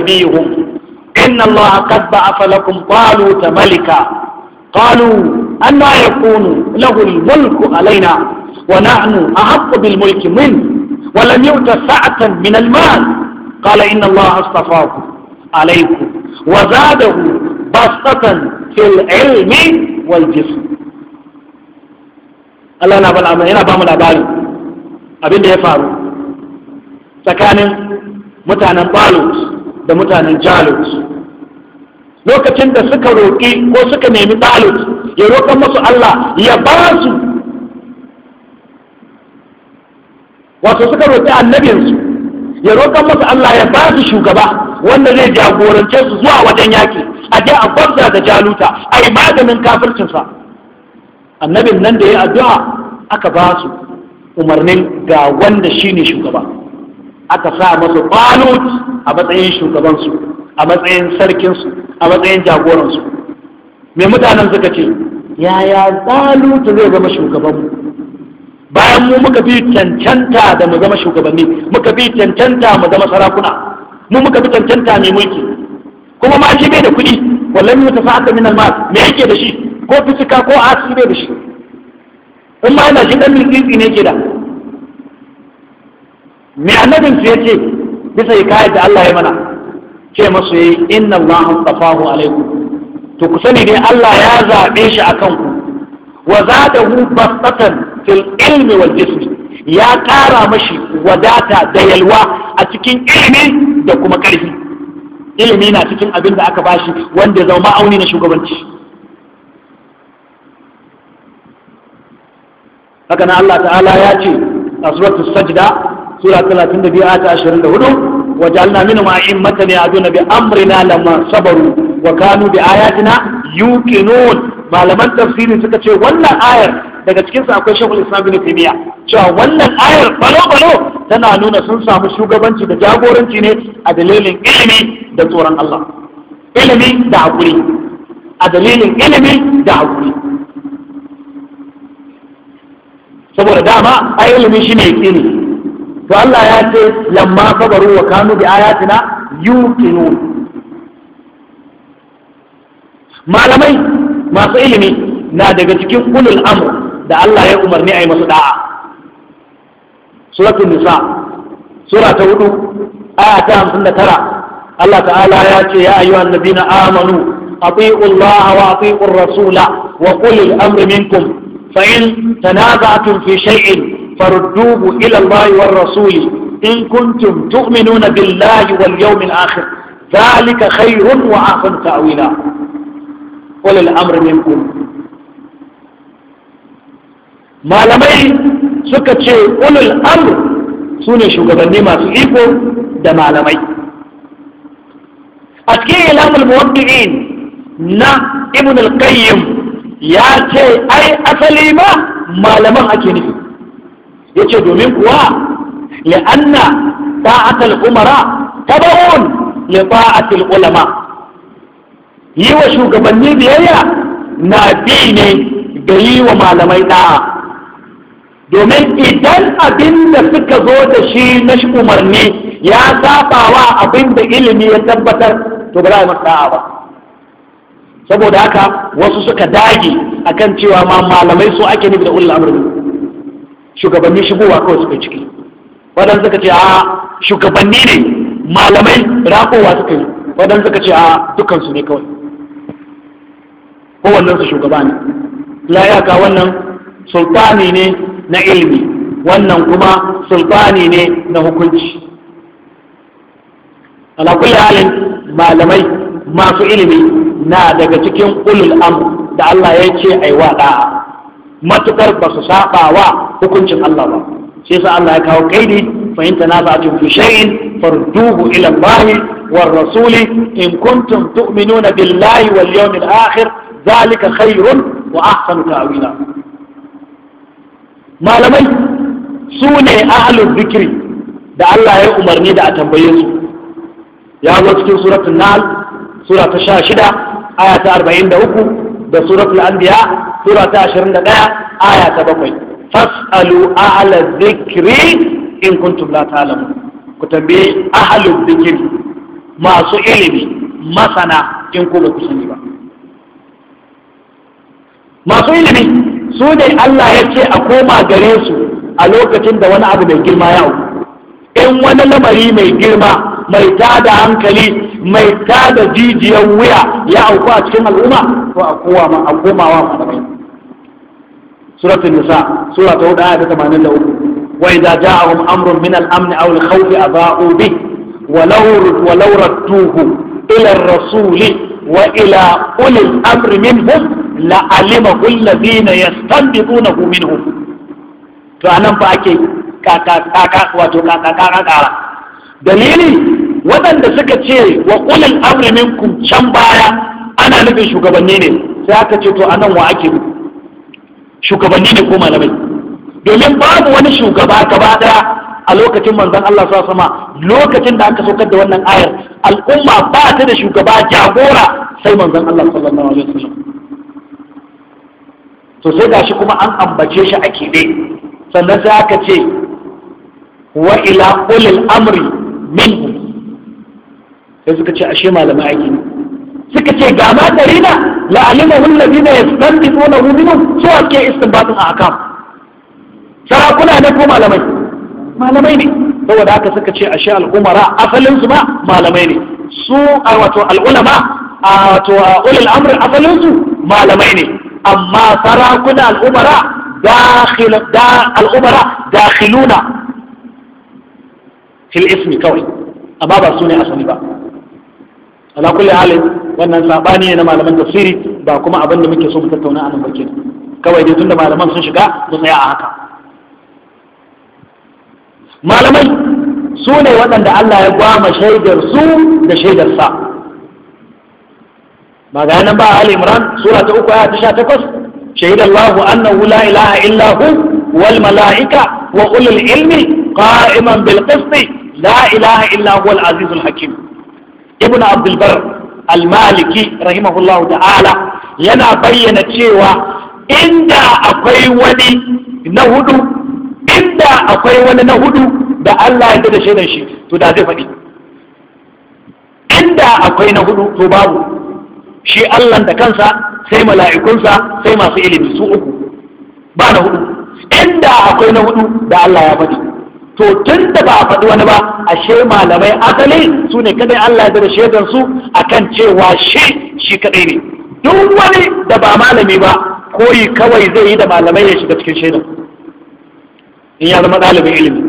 إن الله قد بعث لكم طالوت ملكا قالوا أنا يكون له الملك علينا ونحن أحق بالملك منه ولم يؤت سعة من المال قال إن الله اصطفاه عليكم وزاده بسطة في العلم والجسم الله نعم bala هنا بام الأبال mu labari abin da ya faru da mutanen jalut lokacin da suka roƙi ko suka nemi talut ya roƙa masu Allah ya ba su wato suka roƙi annabinsu ya roƙa masu Allah ya ba su shugaba wanda zai jagorance su zuwa wajen yaƙi a je a gwabza da jaluta a yi maganin kafircinsa annabin nan da ya addu'a aka ba su umarnin ga wanda shine shugaba aka sa masa talut a matsayin shugabansu a matsayin sarkinsu a matsayin jagoransu mai mutanen suka ce yaya zalutu zai zama shugabanmu bayan mu muka fi cancanta da mu zama shugabanni muka fi cancanta mu zama sarakuna mu muka fi cancanta mai mulki kuma ma shi bai da kuɗi wallan yi tafi min ma. me yake da shi ko fisika ko asi bai da shi in ma yana shi ɗan ɗin ne ke da me annabin su yace? bisa yi hikayar da Allah ya mana ce masu yi inna Allah tafahu alaikum to ku sani ne Allah ya zaɓe shi a kanku wa hu basatan fil ilmi wal jismi ya ƙara mashi wadata da yalwa a cikin ilimi da kuma ƙarfi ilimi na cikin abin da aka bashi wanda zama ma'auni na shugabanci haka na Allah ta'ala ya ce a suratul sajda sura 32 ayata 24 waj'alna minhum a'immatan yahduna bi amrina lamma sabaru wa kanu bi ayatina yuqinun malaman tafsirin suka ce wannan ayar daga cikin sa akwai Sheikhul Islam bin Taymiya cewa wannan ayar balo balo tana nuna sun samu shugabanci da jagoranci ne a dalilin ilimi da tsoron Allah ilimi da hakuri a dalilin ilimi da hakuri saboda dama a ilimi shine yake ne to Allah ya ce lamma sabaru wa kanu bi ayatina yuqinu malamai masu ilimi na daga cikin ulul amr da Allah ya umarni ayi masu da'a suratul nisa sura ta hudu aya ta hamsin tara Allah ta'ala ya ce ya ayyuhan nabina amanu أطيعوا الله وأطيعوا الرسول وقل الأمر منكم فإن تنازعتم في شيء farduhu ila Allah rasuli in kuntum tu'minuna billahi wal yawmil akhir dhalika khairun wa ahsan ta'wila qul al amr minkum malamai suka ce ulul amr sune shugabanni masu iko da malamai a cikin ilamul muwaqqi'in na ibn al-qayyim ya ce ai asali ma malaman ake nufi yace domin kuwa li'anna ta'atul umara tabaun li ta'atul ulama yi wa shugabanni biyayya na bi ne da yi wa malamai da'a domin idan abin da suka zo da shi na umarni ya sabawa abin da ilimi ya tabbatar to ba za a masa ba saboda haka wasu suka dage akan cewa ma malamai su ake nufi da ulul amri shugabanni shigowa kawai suka ciki wadanda suka ce a shugabanni ne malamai rakowa suka yi wadanda suka ce a dukansu ne kawai kowannen su shugaba ne layaka wannan sultani ne na ilimi wannan kuma sultani ne na hukunci alakulli halin malamai masu ilimi na daga cikin ulul amur da Allah ya ce aiwa da'a matukar ba su saba wa hukuncin Allah ba shi yasa Allah ya kawo kaidi fa in tanaza'tum fi shay'in farduhu ila Allah war rasul in kuntum tu'minuna billahi wal yawmil akhir zalika khairun wa ahsanu ta'wila malamai su ne ahlul zikri da Allah ya umarni da a tambaye su ya zo cikin suratul nahl sura ta 16 aya ta 43 da suratul anbiya sura ta 21 aya ta 7 fasalu ahla dhikri in kuntum la ta'lamun ku tambaye ahlu dhikri masu ilimi masana in ku ba ku sani ba masu ilimi su ne Allah ya ce a koma gare su a lokacin da wani abu mai girma ya in wani lamari mai girma mai tada hankali mai tada jijiyar wuya ya auku a cikin al'umma to a kowa ma a komawa mai سورة النساء سورة هود آية 83 وإذا جاءهم أمر من الأمن أو الخوف أضاءوا به ولو ولو ردوه إلى الرسول وإلى أولي الأمر منهم لعلمه الذين يستنبطونه منهم to a nan fa ake kaka wato kaka kara dalili waɗanda suka ce wa ƙulil amri minkum can baya ana nufin shugabanni ne sai aka ce to a nan wa ake shugabanni ne ko malamai domin babu wani shugaba gaba daya a lokacin manzon Allah sa sama lokacin da aka saukar da wannan ayar al'umma ba ta da shugaba jagora sai manzon Allah sallallahu alaihi wasallam to sai gashi kuma an ambace shi a kebe sannan sai aka ce wa ila ulil amri minhu sai suka ce ashe malamai ake ne suka ce ga ma dalila la alimahu alladhina yastanbitunahu minhum su ake istinbatun ahkam sarakuna ne ko malamai malamai ne saboda haka suka ce ashe al'umara asalin su ma malamai ne su a wato al'ulama a wato a amr asalin asalinsu, malamai ne amma sarakuna al'umara da al'umara dakhiluna fil ismi kawai amma ba su ne asali ba ala kulli halin wannan sabani ne na malaman tafsiri ba kuma abin da muke so mu tattauna a nan bakin kawai dai tunda malaman sun shiga mu tsaya a haka malamai su ne waɗanda Allah ya gwama shaidar su da shaidar sa ba ga nan ba Ali Imran sura ta 3 aya 18 Allahu annahu la ilaha illa hu wal malaika wa ulul ilmi qa'iman bil qisti la ilaha illa huwal azizul hakim ibnu abdul al-maliki rahimahullahu ta'ala yana bayyana cewa inda akwai wani na hudu inda akwai wani na hudu da Allah ya da shaidan shi to da zai faɗi inda akwai na hudu to babu shi Allah da kansa sai mala'ikunsa sai masu ilimi su uku ba na hudu inda akwai na hudu da Allah ya faɗi to tun da ba a faɗi wani ba ashe malamai asali su ne kadai Allah ya da shaidan su kan cewa shi shi kaɗai ne duk wani da ba malami ba koyi kawai zai yi da malamai ya shiga cikin shaidan in ya zama ɗalibin ilimi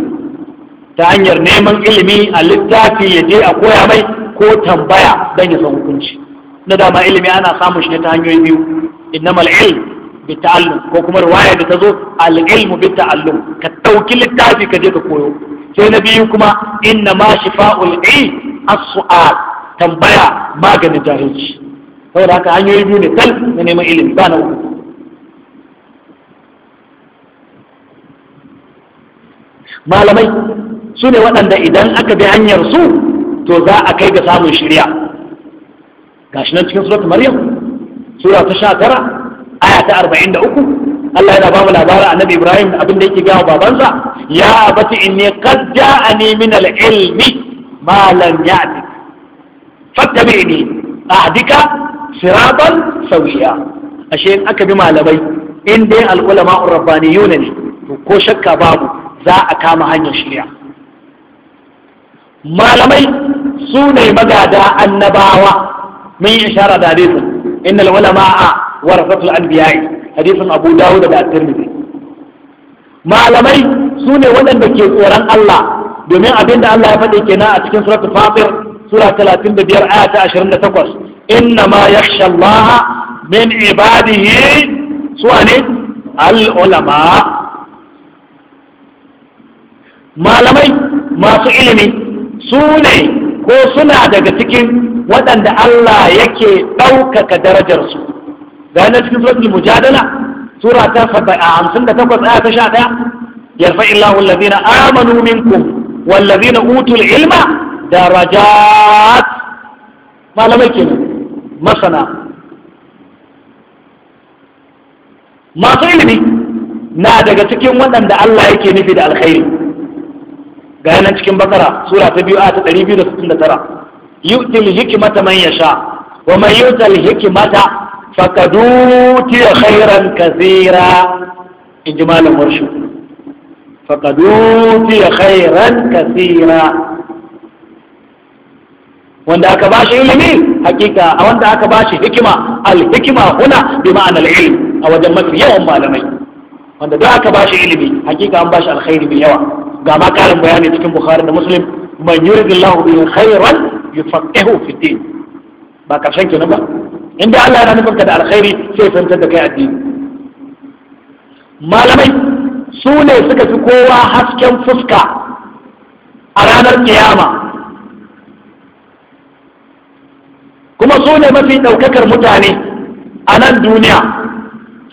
ta hanyar neman ilimi a littafi ya je a koya mai ko tambaya don ya san hukunci na dama ilimi ana samun shi ne ta hanyoyi biyu innamal ilm bi ko kuma riwaya da ta zo al-ilmu bi ka dauki littafi ka je ka koyo sai na biyu kuma inna ma shifa'ul ilm as-su'al tambaya maganin jahilci saboda haka hanyoyi biyu ne tal na neman ilimi ba na uku malamai su ne waɗanda idan aka bi hanyar su to za a kai ga samun shirya gashi nan cikin suratul maryam sura ta sha aya ta 43 Allah yana bamu labarin annabi Ibrahim abin da yake ga babansa ya abati inni qad ja'ani min al-ilmi ma lam ya'ti fattabi'ni a'dika siratan sawiya ashe in aka bi malamai in dai al-ulama ar-rabbaniyun ne to ko shakka babu za a kama hanyar shari'a malamai su ne magada annabawa mun yi ishara da hadisin innal ulama'a warasatul anbiya'i hadisin abu dawud da at-tirmidhi malamai sune ne waɗanda ke tsoron Allah domin abinda Allah ya faɗi kenan a cikin suratul fatir sura 35 aya ta 28 inna ma yakhsha Allah min ibadihi suwane al-ulama malamai masu ilimi su ne ko suna daga cikin waɗanda Allah yake ɗaukaka darajarsu ga nan cikin suratul mujadala sura ta 58 aya ta 11 yarfa'illahu alladhina amanu minkum والذين أوتوا العلم درجات ما لم يكن مثلا ما ilimi na daga cikin waɗanda Allah yake nufi da alkhairi ga yanan cikin bakara sura ta biyu a ta 269 yu'til hikmata man yasha wa man yu'tal hikmata فقد أوتي خيرا كثيرا إجمال مرشد فقد أوتي خيرا كثيرا wanda aka ba shi ilimi hakika a wanda aka ba shi hikima alhikima huna bi ma'ana ilm a wajen mafi yawan malamai wanda da aka ba shi ilimi hakika an ba shi alkhairi mai yawa ga ma karin bayani cikin bukhari da muslim man yuridillahu bi khairan yufaqihu fi din ba karshen kenan ba in da Allah yana nufin ka da alkhairi sai fahimtar da kai addini malamai su ne suka fi kowa hasken fuska a ranar kiyama kuma su ne mafi ɗaukakar mutane a nan duniya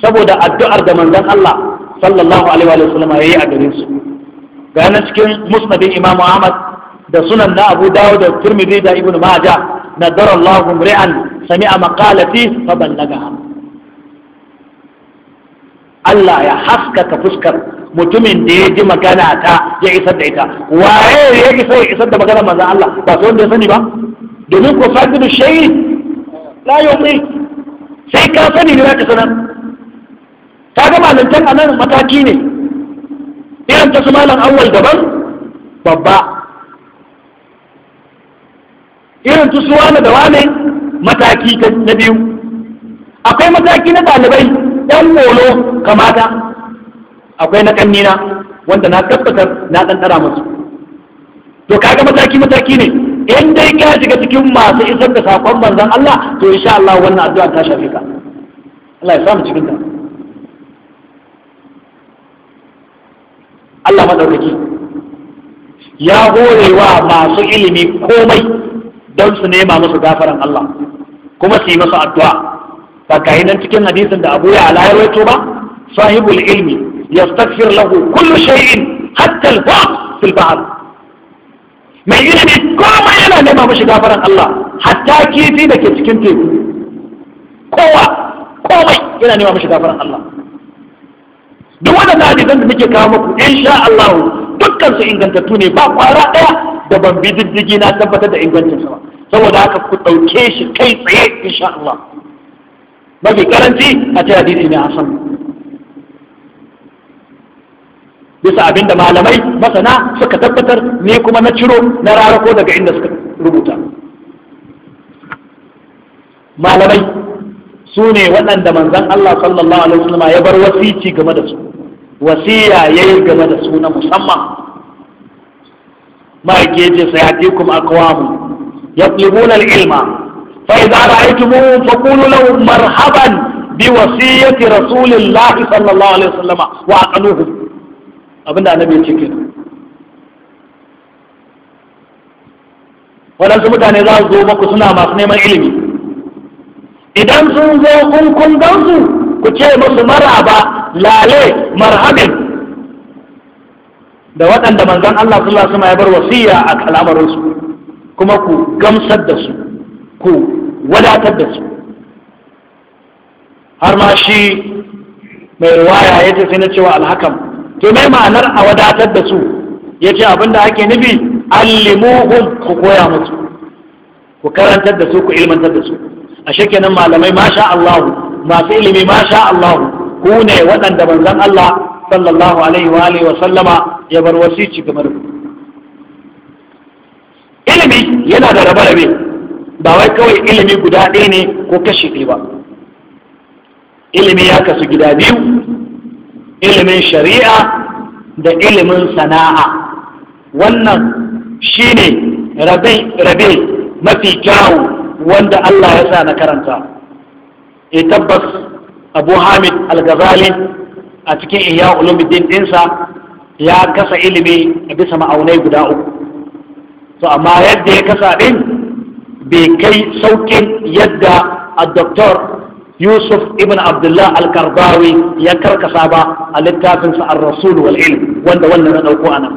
saboda addu'ar da manzon Allah sallallahu alaihi wa sallam yayi a gare su ga nan cikin musnadin Imam Ahmad da sunan na Abu Dawud da Tirmidhi da Ibn Majah nadarallahu mri'an sami'a maqalati fa ballagaha Allah ya haskaka fuskar mutumin da ya ji magana ta ya isar da ita waye ya isa ya isar da magana manzon Allah ba su wanda ya sani ba domin ko fadidu shayi la yuqi sai ka sani ne zaka sanar ka ga malantan anan mataki ne irin ta su malan awwal daban babba irin ta su wani da wani mataki na biyu akwai mataki na ɗalibai ɗan molo kamata akwai na ƙannina wanda na tabbatar na ɗanɗara musu to kaga mataki mataki ne in dai ka shiga cikin masu isar da sakon banzan Allah to insha Allah wannan addu'a ta shafe ka Allah ya samu cikin ta Allah madaukaki ya wa masu ilimi komai don su nema musu gafaran Allah kuma su yi musu addu'a ba ka yi nan cikin hadisin da Abu ya ala rawaito ba sahibul ilmi yastaghfir lahu kullu shay'in hatta al fil bahr mai ilimi kuma yana nema mushi gafaran Allah hatta kifi da ke cikin teku kowa komai yana nema mushi gafaran Allah duk waɗanda hadisan da muke kawo muku insha Allah dukkan su ingantattu ne ba kwara ɗaya da ban bi diddigi na tabbatar da ingancinsa ba saboda haka ku ɗauke shi kai tsaye insha Allah mafi karanci a ce hadisi ne bisa abin da malamai masana suka tabbatar ne kuma na ciro na rarako daga inda suka rubuta malamai su ne waɗanda manzan Allah sallallahu alaihi wasallam ya bar wasici game da su wasiya yayi game da su na musamman ma yake ce sayatikum aqwamu يطلبون العلم فإذا رأيتموه فقولوا له مرحبا بوصية رسول الله صلى الله عليه وسلم وعقلوه أبدا النبي يتكلم waɗansu mutane za su zo maku suna masu neman ilimi idan sun zo kun gansu ku ce musu maraba lale marhabin da waɗanda manzon Allah sallallahu alaihi wasallam ya bar wasiya a kalamarinsu kuma ku gamsar da su ku wadatar da su har ma shi mai ruwaya ya ce na cewa alhakam to mai ma'anar a wadatar da su ya ce abinda ake nufi allimuhum ku koya musu ku karantar da su ku ilmantar da su a shekenan malamai masha Allah masu ilimi masha Allah ku ne waɗanda manzon Allah sallallahu alaihi wa wa sallama ya bar wasici game da ku yana da rabe-rabe ba wai kawai ilimi guda ɗaya ne ko kashi ɗaya ba ilimi ya kasu gida biyu ilimin shari'a da ilimin sana'a wannan shine rabe mafi kyawu wanda Allah ya sa na karanta e tabbas abu hamid al gazali a cikin iya ulumiddin dinsa ya kasa ilimi a bisa ma'aunai guda uku to amma yadda ya kasa din bai kai saukin yadda a doktor yusuf ibn abdullah al-karbawi ya karkasa ba a littafinsa a rasul wal ilm wanda wannan na dauko anan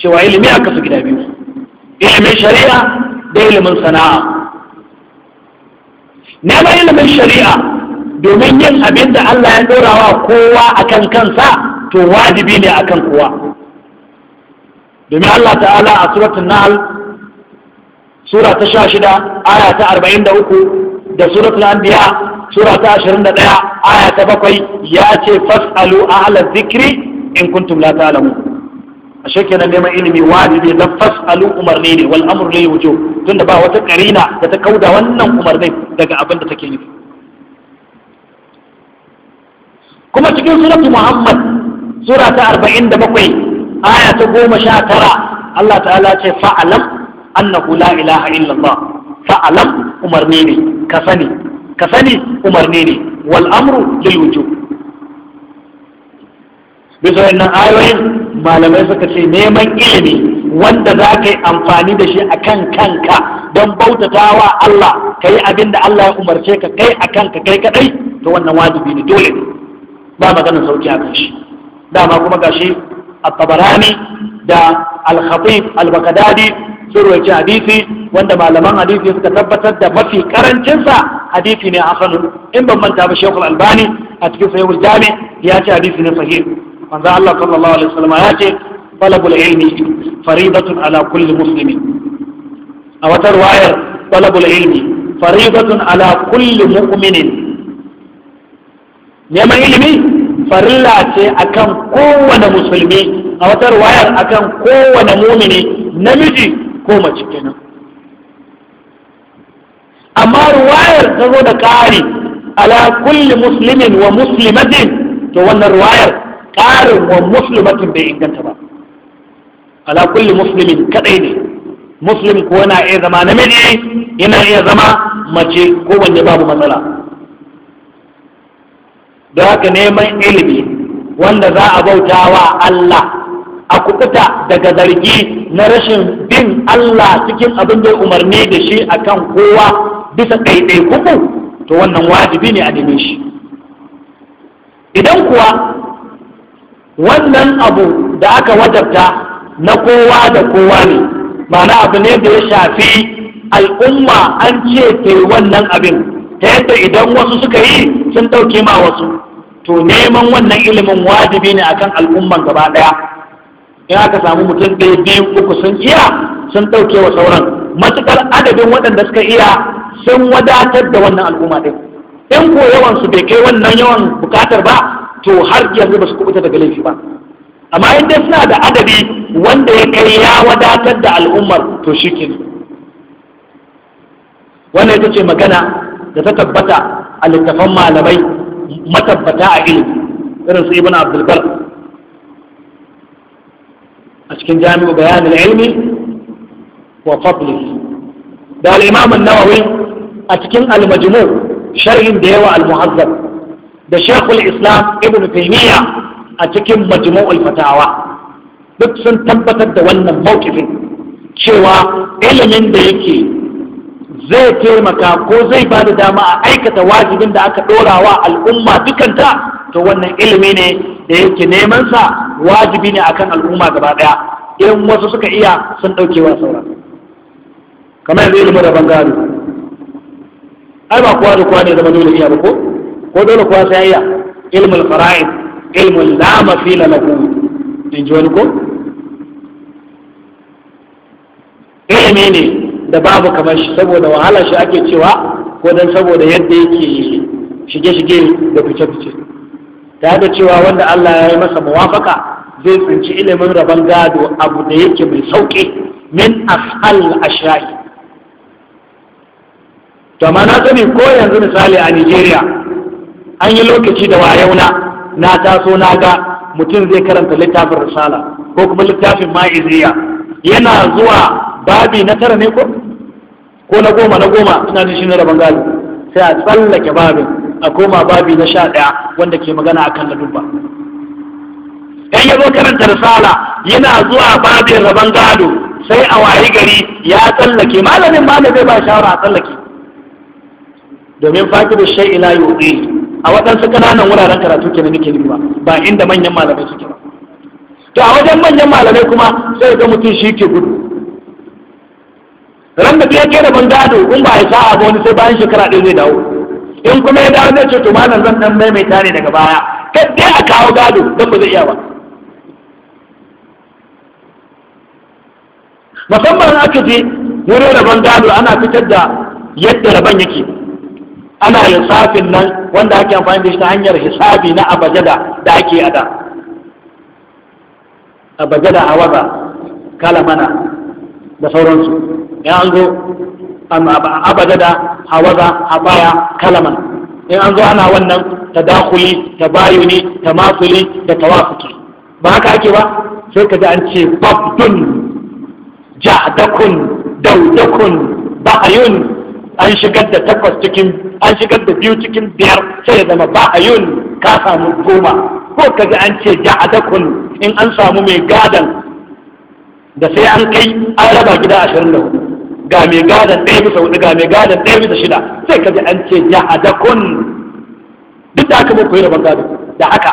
cewa ilimi aka su gida biyu ilimin shari'a da ilimin sana'a neman ilimin shari'a domin yin abin da Allah ya ɗora wa kowa akan kansa to wajibi ne akan kowa domin Allah ta'ala a suratun nahl sura ta sha shida aya ta arba'in da uku da suratun anbiya sura ta ashirin da ɗaya aya ta bakwai ya ce fas'alu ahla zikri in kuntum la ta'lamu ashe kenan neman ilimi wajibi na fas'alu umarni ne wal amru lil wujub tunda ba wata karina da ta kauda wannan umarnin daga abin da take nufi kuma cikin suratu muhammad sura ta arba'in da bakwai aya ta goma sha tara Allah ta'ala ce fa'alam annahu la ilaha illallah fa'alam umarni ne kasani sani umarni ne wal amru lil bisa wannan ayoyin malamai suka ce neman ilimi wanda za ka yi amfani da shi a kan kanka don bautatawa Allah ka yi abin da Allah ya umarce ka kai a kanka kai kadai to wannan wajibi ne dole ne ba maganin sauki a kan shi dama kuma gashi at-tabarani da al-khatib al-baghdadi surwaci hadisi wanda malaman hadisi suka tabbatar da mafi karancinsa hadisi ne hasanun in ban manta ba shekul albani a cikin sahihul jami ya ce hadisi ne sahih manzo Allah sallallahu alaihi wasallam ya ce talabul ilmi faridatun ala kulli muslimi a wata riwayar talabul ilmi faridatun ala kulli neman ilimi farilla ce akan kowane musulmi a wata ruwayar akan kowane mumini namiji ko mace kenan amma ruwayar ta zo da ƙari ala kulli muslimin wa muslimatin to wannan ruwayar ƙarin wa muslimatin bai inganta ba ala kulli muslimin kadai ne muslim ko yana iya zama namiji yana iya zama mace ko wanne babu matsala da haka neman ilimi wanda za a bauta wa Allah a kubuta daga zargi na rashin bin Allah cikin abin da umarni da shi akan kowa bisa ɗaiɗaikuku to wannan wajibi ne a neme shi idan kuwa wannan abu da aka wajabta na kowa da kowa ne ma'ana abu ne da ya shafi al'umma an ce ta yi wannan abin ta yadda idan wasu suka yi sun ɗauke ma wasu to neman wannan ilimin wajibi ne akan al'umman gaba daya in aka samu mutum ɗaya biyu uku sun iya sun ɗauke wa sauran Matuƙar adadin waɗanda suka iya sun wadatar da wannan al'umma ɗin in ko yawan su bai kai wannan yawan buƙatar ba to har yanzu ba su kuɓuta daga laifi ba amma in dai suna da adadi wanda ya kai ya wadatar da al'ummar to shi ke wannan ita ce magana da ta tabbata a littafan malamai matabbata a ilimi irin su ibn Abdulbar a cikin jami'u bayanin ilimi wa fadli da al'imamun nawawi a cikin almajmu sharhin da yawa al-muhazzab da shekul islam ibn taimiyya a cikin majmu'ul fatawa duk sun tabbatar da wannan mawkifin cewa ilimin da yake zai taimaka ko zai ba da dama a aikata wajibin da aka wa al'umma dukanta to wannan ilimi ne da yake neman sa wajibi ne akan al'umma gaba ɗaya irin wasu suka iya sun wa sauran kamar yanzu ilimin da bangare ai ba kowa da kowa ne zama dole iya ba ko ko dole kowa sai iya ilmul fara'id ilmul la mafila lahu in ji wani ko ilimi ne da babu kamar shi saboda wahala shi ake cewa ko dan saboda yadda yake shige-shige da fice-fice ta da cewa wanda Allah ya yi masa muwafaka zai tsinci ilimin rabon gado abu da yake mai sauƙi min ashal ashai to amma na sani ko yanzu misali a Nigeria an yi lokaci da wayauna na taso na ga mutum zai karanta littafin risala ko kuma littafin ma'iziya yana zuwa babi na tara ne ko ko na goma na goma ina jin shi na rabon gado sai a tsallake babin a koma babi na sha ɗaya wanda ke magana a kan ladubba in ya zo karanta risala yana zuwa babin rabon gado sai a wayi gari ya tsallake malamin malamin ba shawara a tsallake domin fakiru shai ila yuɗi a waɗansu ƙananan wuraren karatu kenan nake nufi ba ba inda manyan malamai suke ba to a wajen manyan malamai kuma sai ga mutum shi ke gudu ran da ya kera ban gado in ba ya sa'a ba wani sai bayan shekara ɗaya zai dawo in kuma ya dawo zai ce to malam zan dan maimaita ne daga baya kai dai a kawo gado don ba zai iya ba musamman aka je wurin rabon gado ana fitar da yadda rabon yake ana lissafin nan wanda ake amfani da shi ta hanyar hisabi na abajada da ake ada abajada a waza mana da sauransu in an zo abadada hawaza habaya kalaman in an zo ana wannan tadakuli tabayuni tamasuli da tawafuki ba haka ake ba sai ka ji an ce babdun ja'dakun daudakun ba'ayun an shigar da takwas cikin an shigar da biyu cikin biyar sai ya zama ba'ayun ka samu goma ko ka ji an ce ja'dakun in an samu mai gadan da sai an kai an raba gida ashirin da hudu ga mai gadon ɗaya bisa hudu ga mai gadon ɗaya bisa shida sai ka ji an ce ya adakun duk da aka mai koyi rabar gado da haka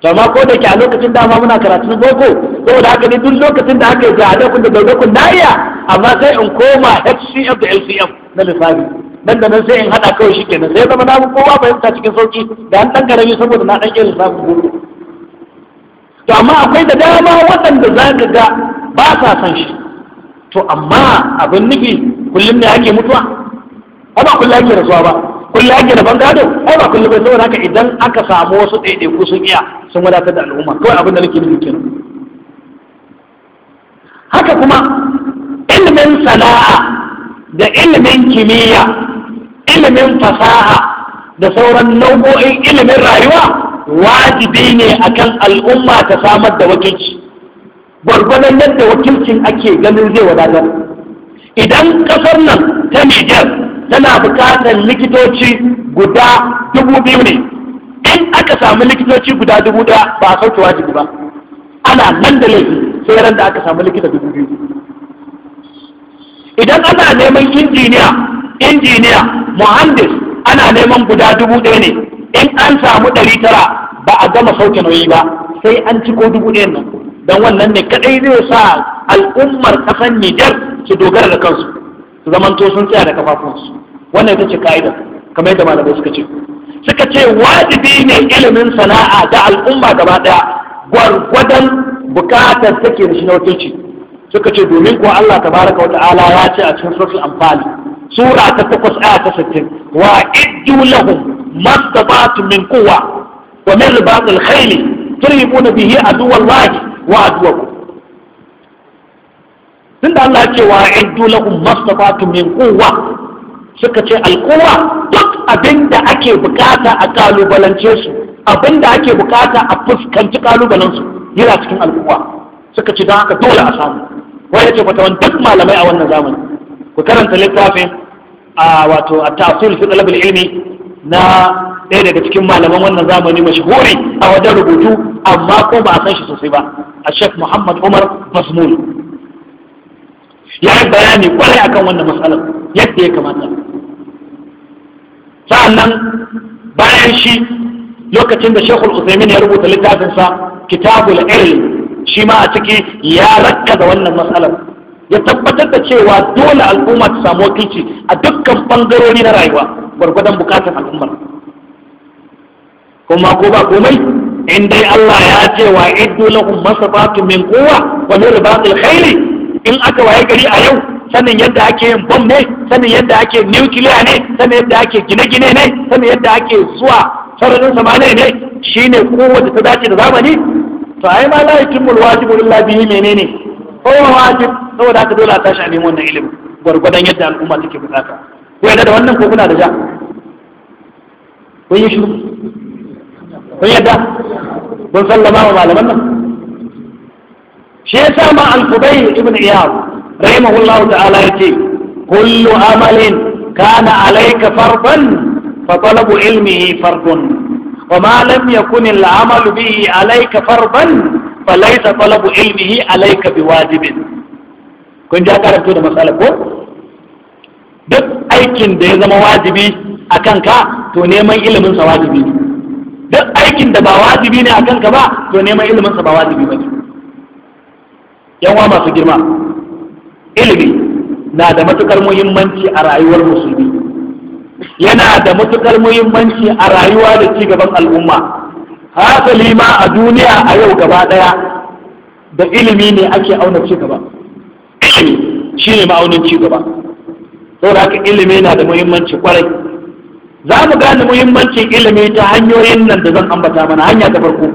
to amma ko da ke a lokacin dama muna karatun boko saboda haka ne duk lokacin da aka yi ja adakun da daudakun na iya amma sai in koma hcf da lcf na lissafi nan da nan sai in haɗa kawai shi kenan sai zama na kowa fahimta cikin sauki da an ɗan karami saboda na ɗan yin samun boko to amma akwai da dama waɗanda za ka ga ba sa san shi to amma abin nufi kullum ne ake mutuwa ai ba kullum ake rasuwa ba kullum ake da bangado ai ba kullum bai saboda haka idan aka samu wasu ɗaiɗaiku sun iya sun wadatar da al'umma kawai abin da nake nufi kenan haka kuma ilimin sana'a da ilimin kimiyya ilimin fasaha da sauran nau'o'in ilimin rayuwa wajibi ne akan al'umma ta samar da wakilci gwargwadon yadda wakilcin ake ganin zai wadatar idan kasar nan ta niger tana bukatar likitoci guda dubu biyu ne in aka samu likitoci guda dubu daya ba a sauke wajibi ba ana nan da laifi sai ran da aka samu likita dubu biyu idan ana neman injiniya injiniya muhandis ana neman guda dubu ɗaya ne in an samu ɗari tara ba a gama sauke nauyi ba sai an ciko dubu ɗayan nan dan wannan ne kadai zai sa al'ummar kasar Nijar su dogara da kansu su zamanto sun tsaya da kafafunsu wannan ita ce ka'ida kamar yadda malamai suka ce suka ce wajibi ne ilimin sana'a da al'umma gaba daya gwargwadon bukatar take da shi na wakilci suka ce domin ko Allah tabaraka wa ta'ala ya ce a cikin suratul anfal sura ta 8 aya ta 60 wa iddu lahum mastata'tum min quwwa wa min ribatil khayl turhibuna bihi aduwallahi wa tun da Allah ce wa iddu lahum mastata'tum min quwwa suka ce alquwa duk abinda ake bukata a kalubalance su abinda ake bukata a fuskanci kalubalen su yana cikin alquwa suka ce don haka dole a samu wai yace fata wani duk malamai a wannan zamani ku karanta littafin a wato at tafsir fi talab al-ilmi na ɗaya daga cikin malaman wannan zamani mashahuri a wajen rubutu amma ko ba a san shi sosai ba a shek muhammad umar basmul ya yi bayani kwarai akan wannan matsalar yadda ya kamata sa'annan bayan shi lokacin da shekul usaimin ya rubuta littafinsa kitabul ilm shi ma a ciki ya rakka da wannan matsalar ya tabbatar da cewa dole al'umma ta samu wakilci a dukkan bangarori na rayuwa gwargwadon bukatar al'ummar kuma ko ba komai in dai Allah ya ce wa iddu lahum masafatu min quwwa wa min ribatil khayr in aka waye gari a yau sanin yadda ake yin bom ne sanin yadda ake nukiliya ne sanin yadda ake gine-gine ne sanin yadda ake zuwa sararin samaniya ne shine kowace ta dace da zamani to ai ma la yakimul wajibu illa bihi menene kowa wajib saboda haka dole a tashi a neman wannan ilimin gwargwadon yadda al'umma take bukata Ku yadda da wannan ko kuna da ja kun yi shiru kun yadda kun sallama wa malaman nan shi yasa ma al-qudayy ibn iyad rahimahullahu ta'ala yake kullu amalin kana alayka fardan fa talabu ilmihi fardun yakun al-amal bihi alayka farban fa laysa talabu ilmihi alayka biwajibin kun ja karatu da matsala ko duk aikin da ya zama wajibi a kanka to neman ilimin sa wajibi ne duk aikin da ba wajibi ne a kanka ba to neman ilimin sa ba wajibi ba ne yanwa masu girma ilimi na da matukar muhimmanci a rayuwar musulmi yana da matukar muhimmanci a rayuwa da ci gaban al'umma hasali ma a duniya a yau gaba daya da ilimi ne ake auna ci gaba ilimi shine ma'aunin ci gaba da haka ilimi yana da muhimmanci kwarai za mu gane muhimmancin ilimi ta hanyoyin nan da zan ambata mana hanya ta farko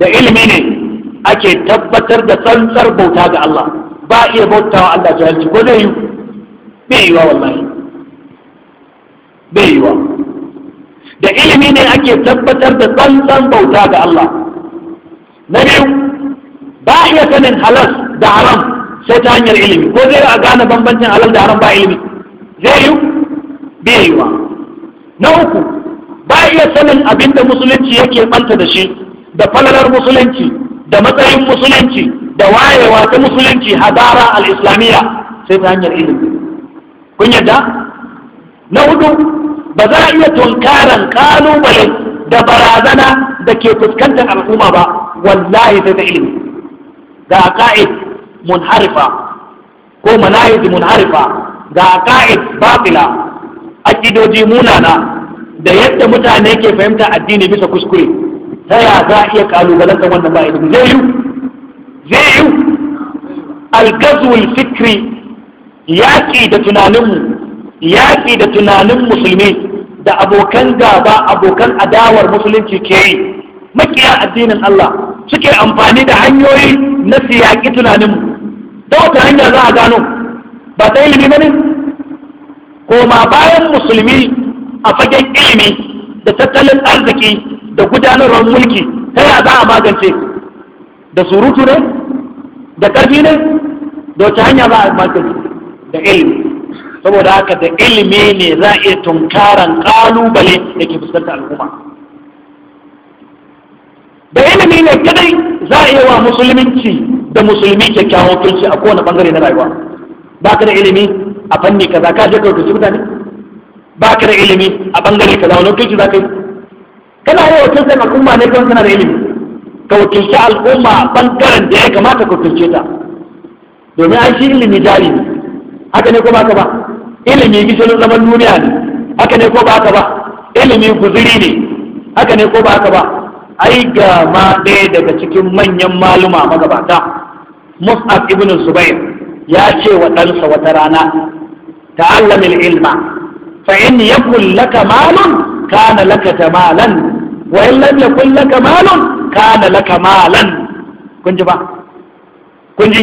da ilimi ne ake tabbatar da tsantsar bauta ga Allah ba iya bautawa Allah jahilci ko zai yi bai wa wallahi bai wa da ilimi ne ake tabbatar da tsantsan bauta ga Allah na biyu ba iya sanin halas da haram sai ta hanyar ilimi ko zai a gane bambancin halal da haram ba ilimi zai yi bai na uku ba iya sanin abin da musulunci yake banta da shi da falalar musulunci da matsayin musulunci da wayewa ta musulunci hadara al-islamiyya sai ta hanyar ilimi kun yadda na hudu ba za a iya tunkaran kalubale da barazana da ke fuskantar al'umma ba wallahi sai ta ilimi ga aqaid munharifa ko manahij munharifa ga aqaid batila aqidoji munana da yadda mutane ke fahimta addini bisa kuskure ta ya za a iya kalubalantar wannan ba zai yi zai yi algazul fikri yaƙi da tunaninmu yaƙi da tunanin musulmi da abokan gaba abokan adawar musulunci ke yi makiya addinin Allah suke amfani da hanyoyi na siyaƙi tunaninmu ta wata hanya za a gano ba ta ilimi ba ne koma bayan musulmi a fagen ilimi da tattalin arziki da gudanarwar mulki ta yaya za a magance da surutu ne da ƙarfi ne da wace hanya za a magance da ilimi saboda haka da ilimi ne za a iya tunkaran ƙalubale da ke fuskantar al'umma da ilimi ne kadai za a iya wa musulminci da musulmi kyakkyawan kulci a kowane bangare na rayuwa ba ka da ilimi a fanni kaza ka je ka rubuci mutane ba ka da ilimi a bangare kaza wani wakilci za ka yi kana yi wakilcin al'umma ne kan kana da ilimi ka wakilci al'umma a bangaren da ya kamata ka wakilce ta domin an shi ilimi jari ne haka ne ko ba ka ba ilimi gishirin zaman duniya ne haka ne ko ba ka ba ilimi guziri ne haka ne ko ba ka ba ai ga ma ɗaya daga cikin manyan maluma magabata mus'ab ibn zubair ya ce wa ɗansa wata rana ta allamin ilma fa in yakun laka malun kana laka tamalan wa in lam yakun laka malun kana laka malan kun ji ba kun ji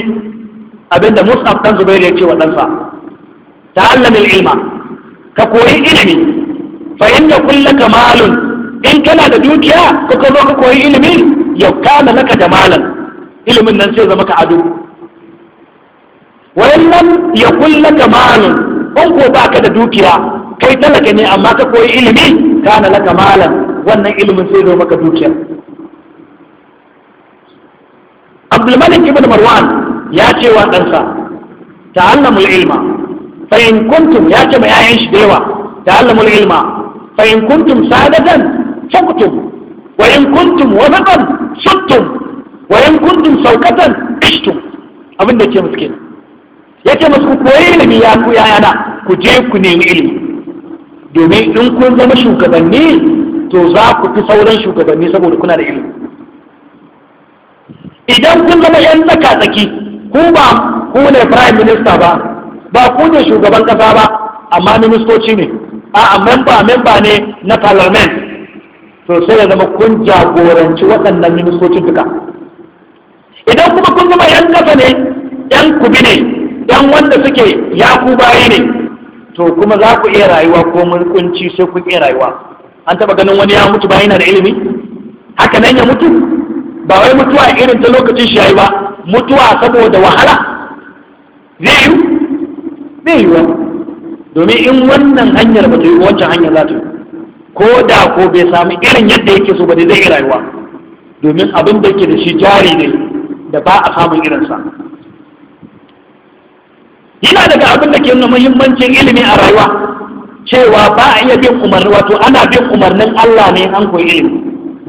abinda mus'ab dan Zubairu ya ce wa ɗansa Ta allamin ilma ka koyi ilimi fa in yakun laka malun in kana da dukiya ka zo ka koyi ilimi ya kana laka jamalan ilimin nan sai zama ka ado wayan nan ya kulla kamalun in ko ba ka da dukiya kai talaka ne amma ka koyi ilimi kana laka malan wannan ilimin sai zo maka dukiya abdulmalik ibn marwan ya ce wa ɗansa ta'allamul ilma fa in kuntum ya ce ma yayan shi da yawa ta'allamul ilma fa in kuntum sadatan faktum wa in kuntum wasatan suttum wa in kuntum saukatan ishtum abin da ke musu ya ce musu ku koyi ilimi ya ku yaya na ku je ku nemi ilimi domin in kun zama shugabanni to za ku fi sauran shugabanni saboda kuna da ilimi idan kun zama yan tsaka tsaki ku ba ku ne prime minister ba ba ku ne shugaban kasa ba amma ministoci ne a memba memba ne na parliament to sai ya zama kun jagoranci waɗannan ministocin duka idan kuma kun zama yan kasa ne yan kubi ne dan wanda suke ya ku bayi ne to kuma za ku iya rayuwa ko mulkunci sai ku iya rayuwa an taba ganin wani ya mutu bayan da ilimi haka nan ya mutu ba wai mutuwa irin ta lokacin shi yayi ba mutuwa saboda wahala zai yi zai yi domin in wannan hanyar ba ta yi wancan hanyar za ta yi ko da ko bai sami irin yadda yake so ba dai zai iya rayuwa domin abin da yake da shi jari ne da ba a samun irinsa yana daga abin da ke nuna muhimmancin ilimi a rayuwa cewa ba a iya bin umarni wato ana bin umarnin Allah ne an koyi ilimi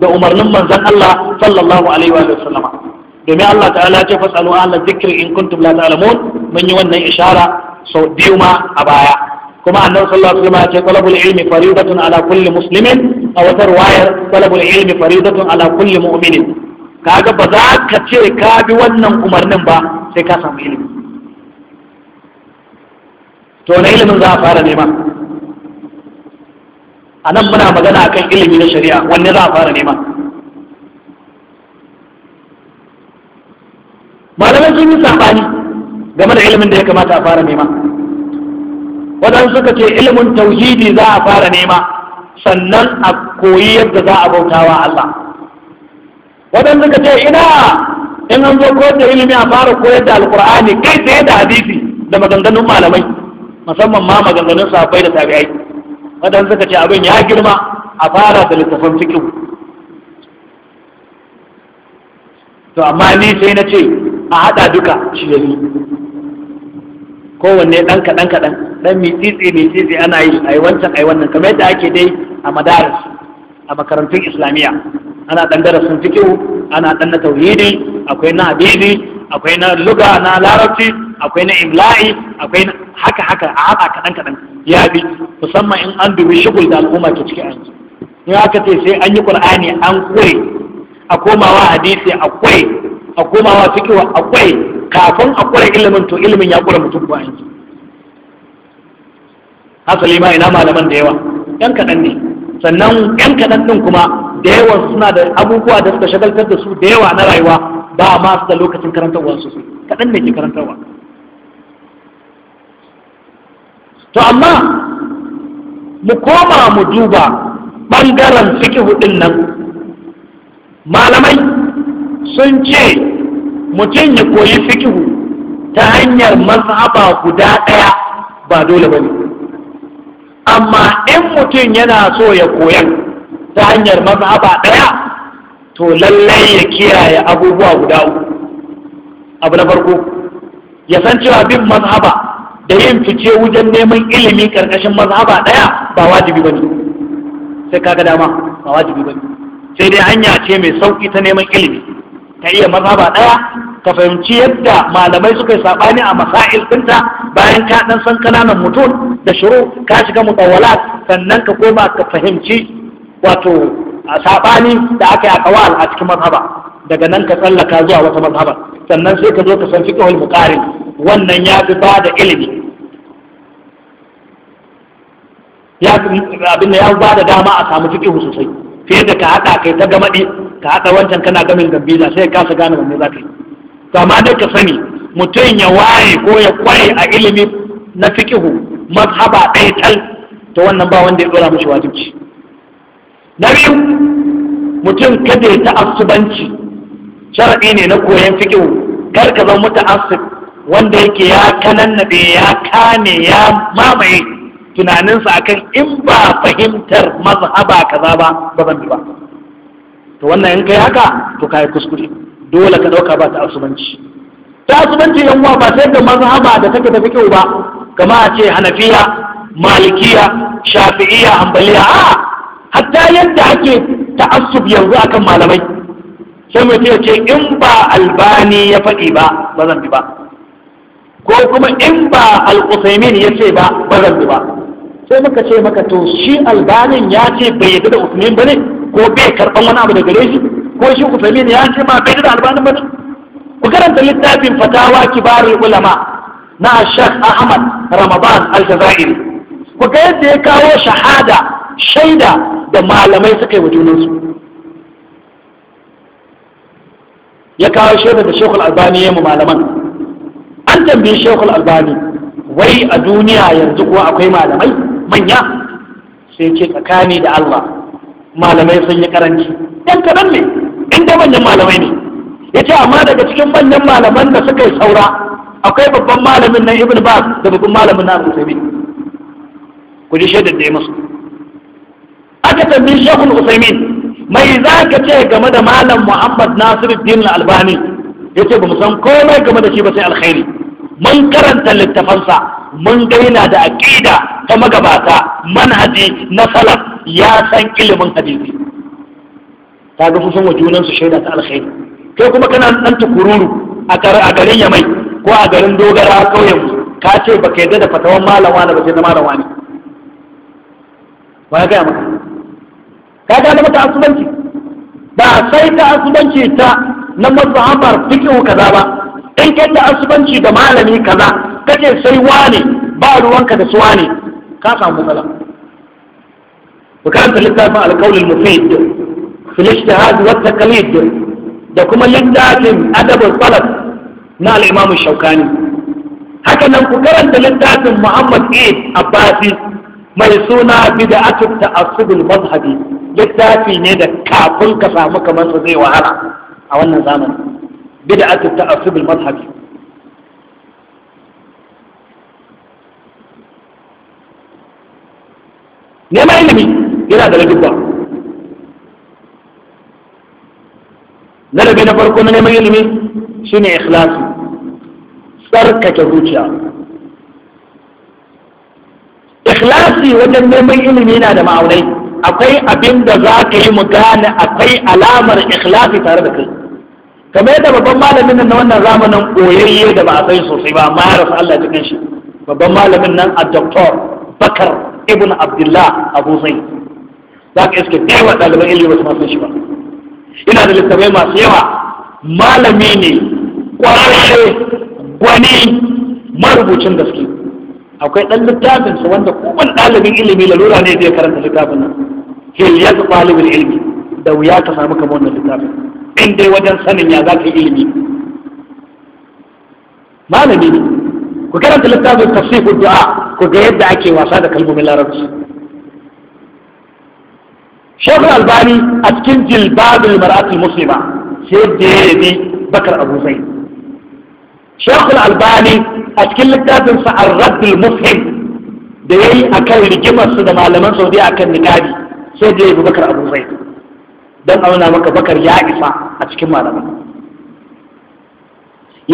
da umarnin manzon Allah sallallahu alaihi wa sallama domin Allah ta'ala ce fasalu ala zikri in kuntum la ta'lamun mun yi wannan ishara sau biyu ma a baya kuma annabi sallallahu alaihi wa sallama ce talabul ilmi faridatun ala kulli muslimin a wata riwayar talabul ilmi faridatun ala kulli mu'minin kaga ba za ka ce ka bi wannan umarnin ba sai ka samu ilimi to na ilimin za a fara nema a nan muna magana a kan ilimi na shari'a wanne za a fara nema malamai sun yi saɓani game da ilimin da ya kamata a fara nema waɗansu suka ce ilimin tauhidi za a fara nema sannan a koyi yadda za a bautawa Allah waɗansu suka ce ina in an zo koyar da ilimi a fara koyar da alkur'ani kai tsaye da hadisi da maganganun malamai musamman ma maganganun sahabbai da tabi'ai wadanda suka ce abin ya girma a fara da littafin cikin to amma ni sai na ce a hada duka shi da ni kowanne dan kaɗan kaɗan dan mitsitsi mitsitsi ana yi ai wancan ai wannan kamar yadda ake dai a madaris a makarantun islamiyya ana ɗan darasin cikin ana dan na tauhidi akwai na abidi akwai na luga na larabci akwai na imla'i akwai haka haka a haɗa kaɗan kaɗan ya bi musamman in an dubi shigul da al'umma ke ciki yanzu in aka ce sai an yi qur'ani an kure a komawa hadisi akwai a komawa fikiwa akwai kafin a kure ilimin to ilimin ya kure mutum ba yanzu hasali ma ina malaman da yawa yan kaɗan ne sannan yan kaɗan ɗin kuma da yawan suna da abubuwa da suka shagaltar da su da yawa na rayuwa ba ma su da lokacin karantarwa su kaɗan ne ke karantarwa to amma mu koma mu duba ɓangaren fikihu ɗin nan malamai sun ce mutum ya koyi fikihu ta hanyar mazhaba guda ɗaya ba dole ba ne amma in mutum yana so ya koyan ta hanyar mazhaba ɗaya to lallai ya kiyaye abubuwa guda uku abu na farko ya san cewa bin mazhaba da yin fice wajen neman ilimi karkashin mazhaba daya ba wajibi bane sai kaga dama ba wajibi bane sai dai hanya ce mai sauki ta neman ilimi ta iya mazhaba daya ka fahimci yadda malamai suka yi sabani a masail dinta bayan ka dan san kananan mutum da shiru ka shiga mutawalat sannan ka koma ka fahimci wato a saɓani da aka yi a kawal a cikin mazhaba daga nan ka tsallaka zuwa wata mazhaba sannan sai ka zo ka san fiqhul bukhari wannan ya fi ba da ilimi ya abin da ya ba da dama a samu fiqhu sosai fiye da ka haɗa kai ta gamadi ka haɗa wancan kana gamin gambiza sai ka sa gane wanne zaka yi to amma dai ka sani mutum ya waye ko ya kware a ilimi na fiqhu mazhaba ɗaya tal to wannan ba wanda ya dora mishi wajibci na biyu mutum kada ya ta'assubanci sharaɗi ne na koyon fiƙi kar ka zama ta'assub wanda yake ya kananabe ya kame ya mamaye tunaninsa akan in ba fahimtar mazhaba kaza ba ba zan bi ba to wannan in kai haka to kai kuskure dole ka dauka ba ta ta'assubanci yan uwa ba sai da mazhaba da take da kyau ba kama a ce hanafiya malikiya shafi'iya ambaliya, a'a. hatta yadda ake ta'assub yanzu akan malamai sai mai ce in ba albani ya faɗi ba ba zan bi ba ko kuma in ba al-usaimin ya ce ba ba zan bi ba sai muka ce maka to shi albanin ya ce bai yadda da usaimin ba ne ko bai karɓan wani abu da gare shi ko shi usaimin ya ce ma bai da albanin ba ne ku karanta littafin fatawa kibarul ulama na shak Ahmad Ramadan Al-Jazairi ku ga yadda ya kawo shahada shaida da malamai suka yi wa junansu ya kawo shaida da shekul albani ya mu malaman an tambayi shekul albani wai a duniya yanzu kuwa akwai malamai manya sai ce tsakani da allah malamai sun yi karanci dan kaɗan ne inda manyan malamai ne ya ce amma daga cikin manyan malaman da suka yi saura akwai babban malamin nan ibn bas da babban malamin na al ku ji shaidar da ya masu aka tambayi shekul usaimin mai za ka ce game da malam muhammad din albani ya ce ba mu san komai game da shi ba sai alkhairi mun karanta littafansa mun daina da aƙida ta magabata manhaji na salaf ya san ilimin hadisi ta ga sun wa su shaida ta alkhairi kai kuma kana dan tukururu a garin yamai ko a garin dogara kauyen ka ce baka yadda da fatawan malama ba sai na malama ne ba ga maka ka ga mata asubanci ba sai ta asubanci ta na mazhabar fiqh kaza ba in kai ta asubanci da malami kaza kace sai wane ba ruwanka da su wane ka samu matsala وكانت littafin القول المفيد في الاجتهاد والتقليد da kuma littafin adabul salaf na al-Imam Shaukani haka nan ku karanta littafin Muhammad Eid Abbasi mai suna bid'atu ta'assubul mazhabi littafi ne da kafin ka samu kamar su zai wahala a wannan zamani bid'atu ta'assubul mazhabi neman ilimi yana da rajibba larabi na farko na neman ilimi shine ikhlasi tsarkake zuciya ikhlasi wajen neman ilimi na da ma'aunai akwai abin da za ka yi mu gane akwai alamar ikhlasi tare da kai kamar yadda babban malamin nan na wannan zamanin koyayye da ba a san sosai ba amma ya rasa Allah cikin shi babban malamin nan a doktor bakar ibn abdullah abu zai za ka iske da yawa ɗaliban ilimi ba su shi ba ina da littattafai masu yawa malami ne ƙwararre gwani marubucin gaske akwai ɗan littafin su wanda kowane ɗalibin ilimi lalura ne zai karanta littafin nan hiliyar ɗalibin ilimi da wuya ka samu kamar wannan littafin in dai wajen sanin ya za ka yi ilimi malami ne ku karanta littafin tafsiru du'a ku ga yadda ake wasa da kalmomin larabci shekul albani a cikin jilbabin mar'atul muslima sai da ya yi bakar abu zai shekul albani a cikin sa ar-raddul muslim da yayi akan su da malaman saudi akan niqabi sai da yayi bakar abu zaid dan auna maka bakar ya isa a cikin malaman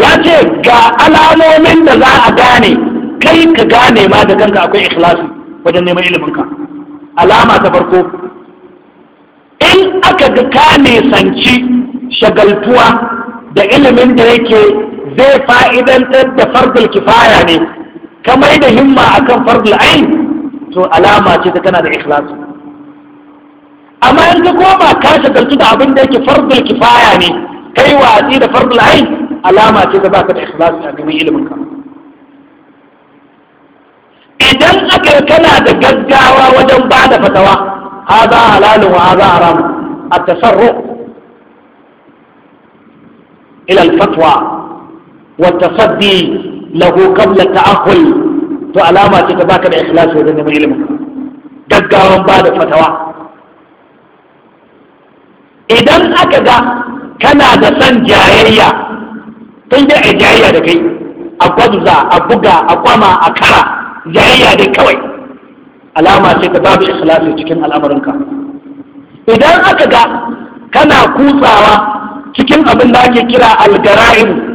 ya ce ga alamomin da za a gane kai ka gane ma da kanka akwai ikhlasi wajen neman iliminka alama ta farko in aka ga ka sanci shagaltuwa da ilimin da yake zai fa'idantar da fardul kifaya ne kamar da himma akan fardul ain to alama ce ta kana da ikhlasi amma in ka koma ka shagaltu da abin da yake fardul kifaya ne kai watsi da fardul ain alama ce ta baka da ikhlasi a gaban ilimin ka idan aka kana da gaggawa wajen ba da fatawa haza halalun wa haza haram at-tasarru ila al-fatwa والتصدي له قبل التأخل فعلامة تتباكى بإخلاص وذنب علمك gaggawan ba da fatawa idan aka ga kana da san jayayya tun da a jayayya da kai a gwabza a buga a kwama a kara jayayya dai kawai alama ce ta babu ikhlasi cikin al'amarinka idan aka ga kana kutsawa cikin abin da ake kira algara'im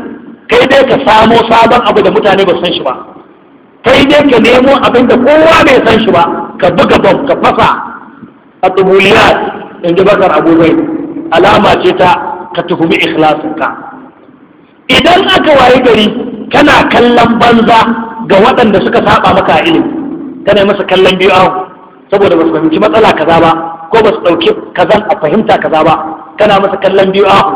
kai dai ka samo sabon abu da mutane ba san shi ba kai dai ka nemo abin da kowa bai san shi ba ka buga bom ka fasa a tubuliyat in ji bakar abubai alama ce ta ka tuhumi ikhlasinka idan aka wayi gari kana kallon banza ga waɗanda suka saba maka a ilimi kana masa kallon biyu awon saboda basu fahimci matsala kaza ba ko basu ɗauki kazan a fahimta kaza ba kana masa kallon biyu awon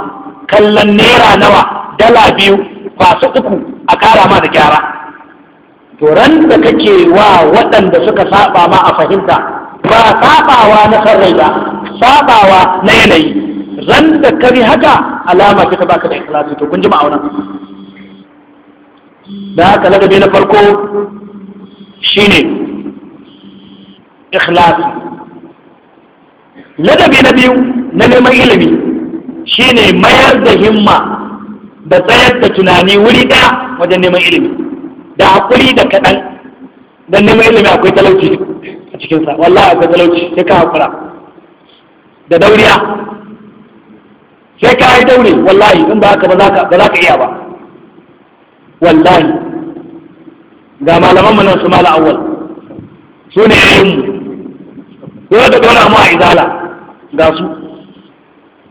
kallon naira nawa dala biyu ba su uku a kara ma da gyara to ran da kake wa waɗanda suka saba ma a fahimta ba sabawa na sarrai ba sabawa na yanayi ran da ka bi haka alama ce ta baka da ikhlasi to kun ji ma'auna da haka ladabi na farko shine ikhlasi ladabi na biyu na neman ilimi shine mayar da himma da tsayar da tunani wuri ɗaya wajen neman ilimi da haƙuri da kaɗan don neman ilimi akwai talauci a cikinsa wallahi akwai talauci sai ka haƙura da dauriya sai ka yi daure wallahi in ba haka ba za ka iya ba wallahi ga malaman mu nan su mala awwal su ne yayin mu ko da dole mu a izala ga su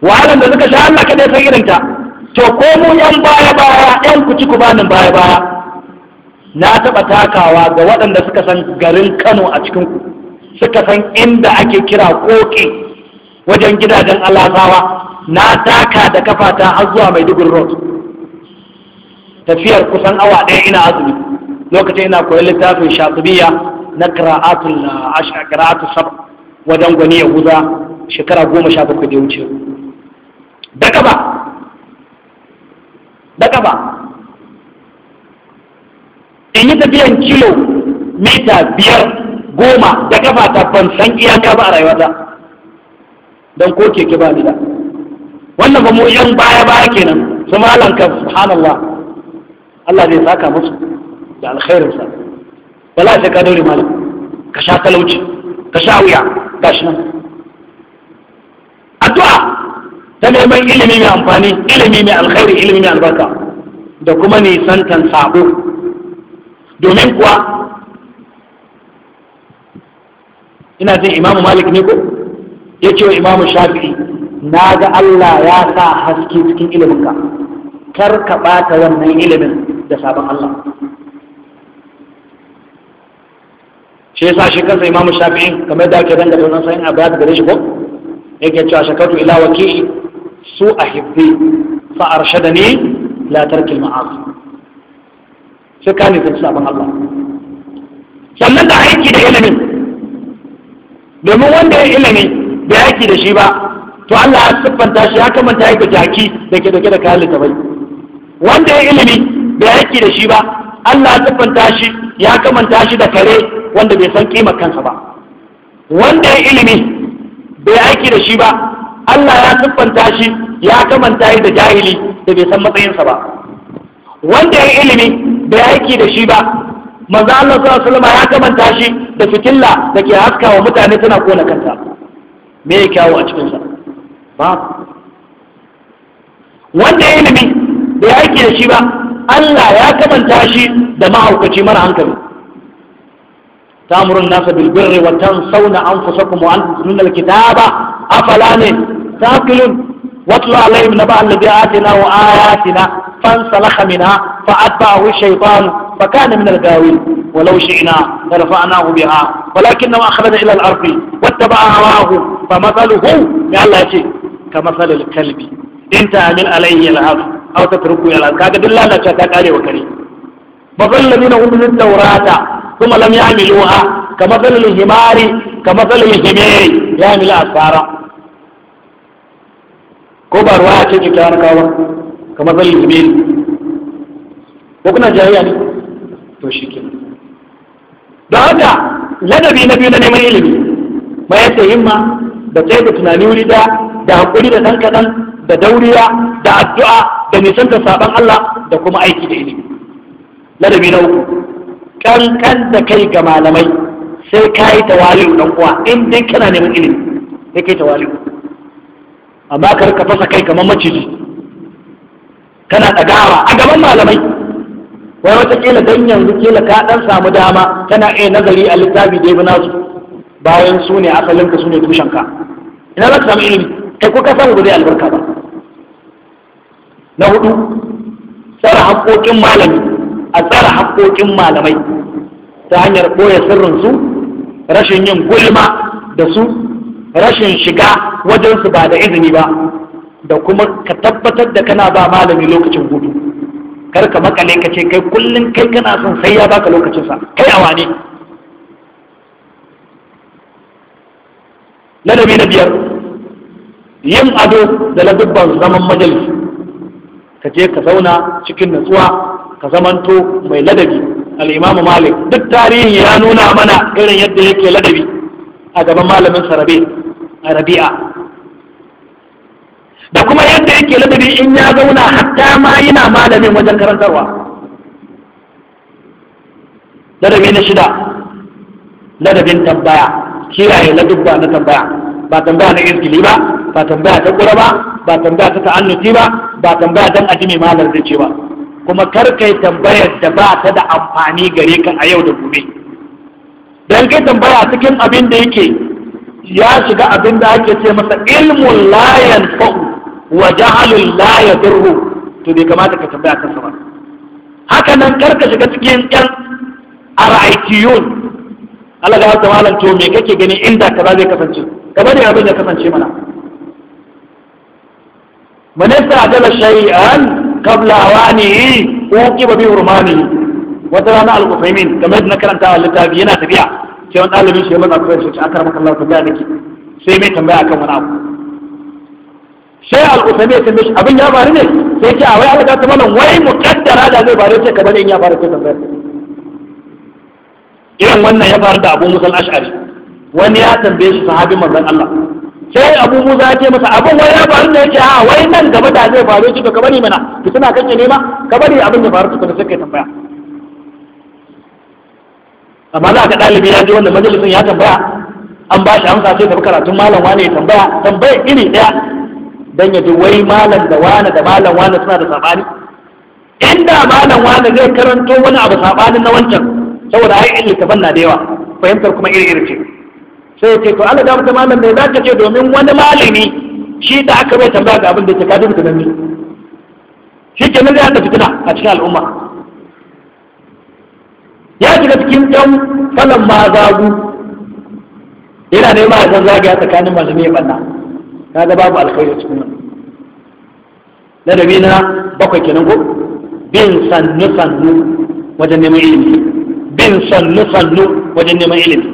wahalan da suka sha Allah kadai san irinta to ko mu yan baya baya yan kuci ku bani baya baya na taɓa takawa ga waɗanda suka san garin kano a cikin ku suka san inda ake kira koke wajen gidajen alasawa na taka da kafata har zuwa maiduguri road tafiyar kusan awa ɗaya ina azumi lokacin ina koyi littafin shatubiya na qira'atul qira'atul sab wajen gwani ya shekara goma da wuce da ba da kafa in yi tafiyan kilo mita biyar goma da kafa ta ban san iyaka ba a rayuwata don ko keke ba ni da wannan ba mu yan baya baya kenan su malanka subhanallah Allah zai saka musu da alkhairinsa la shi ka daure malam ka sha talauci ka sha wuya gashi nan addu'a ta neman ilimi mai amfani ilimi mai alkhairi ilimi mai albarka da kuma nisantan sabo domin kuwa ina jin imamu malik ne ko ya ce wa imamu shafi'i na ga allah ya sa haske cikin iliminka kar ka ɓata wannan ilimin da sabon allah shi yasa shi kansa imamu shafi'i kamar da ake dangata wannan sayin a bayat gare shi ko yake cewa shakatu ila waki'i su a ahibbi fa da la tarkil ma'asi sai ka ne tsanci sabon Allah sannan da aiki da ilimin domin wanda ya ilimi bai aiki da shi ba to Allah ya siffanta shi ya kamanta ya jaki da ke dauke da kayan littafai wanda ya ilimi bai aiki da shi ba Allah ya siffanta shi ya kamanta shi da kare wanda bai san kimar kansa ba wanda ya ilimi bai aiki da shi ba Allah ya siffanta shi ya kamanta yi da jahili da bai san matsayinsa ba wanda ya ilimi da ya aiki da shi ba Maza Allah sallallahu alaihi ya kamanta shi da fitilla da ke haska wa mutane tana kona kanta me ya kyawo a cikinsa ba wanda ya ilimi da ya aiki da shi ba Allah ya kamanta shi da mahaukaci mara hankali ta'murun nasa bil birri wa tansawna anfusakum wa antum tutluna kitaba afala ne taqilun واتل عليهم نبأ الذي اتنا واياتنا فانسلخ منها فأتبعه الشيطان فكان من الغاوين ولو شئنا لرفعناه بها ولكنه أخرج إلى الأرض واتبع هواه فمثله من الله شيء كمثل الكلب إن تعمل عليه الهف أو تتركه الارض كاد بالله لا شكاك عليه وكريم مثل الذين هم من التوراة ثم لم يعملوها كمثل الهمار كمثل الهمي يعمل أسفارا ko ba ruwa ce cuta an kawo kamar zan yi ni ko kuna jayayya ne to shi ke don haka ladabi na biyu na neman ilimi mayar da himma da tsaye da tunani wuri da da haƙuri da ɗan kaɗan da dauriya da addu'a da nisanta sabon Allah da kuma aiki da ilimi ladabi na uku ƙanƙan da kai ga malamai sai ka yi tawali'u ɗan uwa in dai kana neman ilimi sai ka yi tawali'u amma ka fasa kai kamar maciji kana ɗagawa a gaban malamai wai wata kila dan yanzu kila ka dan samu dama kana iya nazari a littafi da yabi nasu bayan su ne asalinka su ne tushenka ina za ka samu ilimi kai ko ka samu ba zai albarka ba na hudu tsara haƙoƙin malami a tsara haƙoƙin malamai ta hanyar ɓoye sirrin su, rashin yin gulma da su rashin shiga wajensu ba da izini ba da kuma ka tabbatar da kana ba malami lokacin hutu kar ka makale ka ce kai kullum kai kana son sai ya baka lokacinsa kai awa ne ladabi na biyar yin ado da ladubban zaman majalis ka je ka zauna cikin natsuwa ka zamanto mai ladabi al'imamu malik duk tarihi ya nuna mana irin yadda yake ladabi a gaban malamin sarabe a rabi'a da kuma yadda yake ladabi in ya zauna hatta ma yana malamin wajen karantarwa ladabi na shida ladabin tambaya kiyaye ladubba na tambaya ba tambaya na iskili ba ba tambaya ta kura ba ba tambaya ta ta'annuti ba ba tambaya dan aji malar zai ce ba kuma kar kai tambayar da ba ta da amfani gare ka a yau da gobe dan kai tambaya cikin abin da yake ya shiga abin da ake ce masa ilmun layan fa'u wa jahalun la yadurru to bai kamata ka tambaya kansa ba haka nan karka shiga cikin yan araitiyun Allah ya ta malam to me kake gani inda ba zai kasance ka bari abin ya kasance mana man yasta'dala shay'an qabla awanihi uqiba bi hurmanihi wata rana al-Usaimin kamar na karanta a littafi yana tafiya sai wani ɗalibin shi ya maza kusa da shi an karɓa kallon tambaya da ke sai mai tambaya akan wani abu sai al-Usaimin ya tambaye shi abin ya faru ne sai ce a wai Allah ta malam wai muqaddara da zai faru sai kamar in ya faru sai tambaya irin wannan ya faru da Abu Musa al-Ash'ari wani ya tambaye shi sahabin manzon Allah sai abu musa ya ce masa abin wai ya faru ne yake a wai nan gaba da zai faru shi to ka bari mana ki suna kake ma ka bari abin ya faru da sai kai tambaya amma za ka ɗalibi ya je wanda majalisin ya tambaya an ba shi amsa sace tafi karatun malam wane ya tambaya tambaya iri ɗaya dan ya ji wai malam da wane da malam wane suna da sabani inda malam wane zai karanto wani abu sabanin na wancan saboda ai littafan na da yawa fahimtar kuma iri iri ce sai ce to Allah da mutum malam ne zaka ce domin wani malami shi da aka bai tambaya ga abin da yake ka dubi ne shi kenan zai haɗa fitina a cikin al'umma ya shiga cikin ɗan falon zagu. yana nema a san zagaya tsakanin malamai ya ɓanna ga babu a cikin nan da na bakwai kenan ko bin sannu sannu wajen neman ilimi bin sannu sannu wajen neman ilimi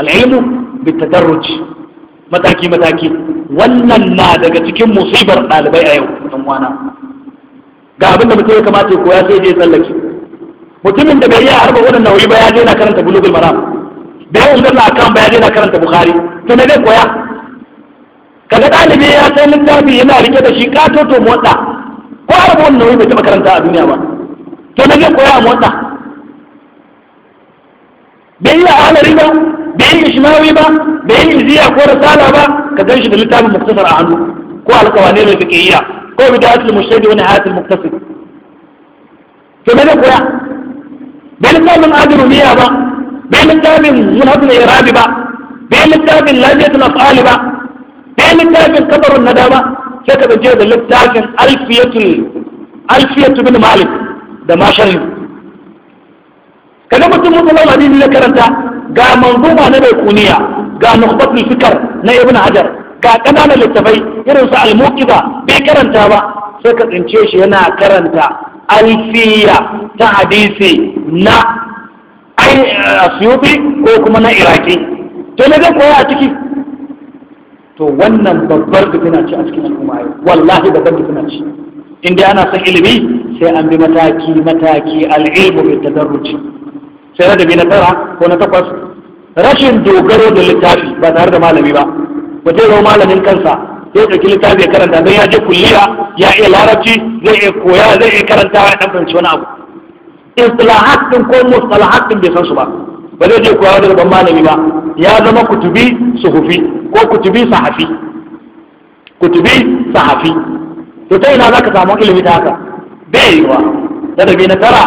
al'ilmu bitadarruj mataki mataki wannan na daga cikin musibar ɗalibai a yau ɗan wana ga abin da mutum ya kamata ya koya sai je tsallake mutumin da bai yi harba wannan nauyi ba ya je na karanta bulugul maram da yawan zalla akan ba ya je na karanta bukhari to me zai koya kaga dalibi ya san littafi yana rike da shi kato to motsa ko harba wannan nauyi bai taɓa karanta a duniya ba to me zai koya a motsa bai yi alari ba bai yi ishmawi ba bai yi ziya ko sala ba ka gan shi da littafin muktasar a hannu ko alkawani mai fiqhiyya ko bidatul mushtadi wani hayatul muktasar to me zai koya bai littafin azurumiya ba bai littafin munhafin irabi ba bai littafin lafiyatul af'ali ba bai littafin kabarun nada ba sai ka bace da littafin alfiyatul alfiyatul bin malik da masharif kaga mutum mutum hadisi na karanta ga manzuma na bai kuniya ga nukhbatul fikr na ibn hajar ga kananan littafai irin su al-muqiba bai karanta ba sai ka tsince shi yana karanta alfiya ta hadisi na asiyobi eh, ko kuma na iraki to me zai koya a ciki to wannan babbar fitina ce a cikin al'umma wallahi babbar fitina ce inda ana son ilimi sai an bi mataki mataki al'ilmu ta tadarruji sai da dabi na tara ko na takwas rashin dogaro da littafi ba tare da malami ba mutum malami malamin kansa zai ɗauki littafi ya karanta don ya je kulliya ya iya larabci zai iya koya zai iya karanta ya ɗan fahimci wani abu istilahat ɗin ko mustalahat ɗin bai san su ba ba zai je koya wani ban malami ba ya zama kutubi suhufi ko kutubi sahafi kutubi sahafi to ta ina za ka samu ilimi ta haka bai yiwa ladabi na tara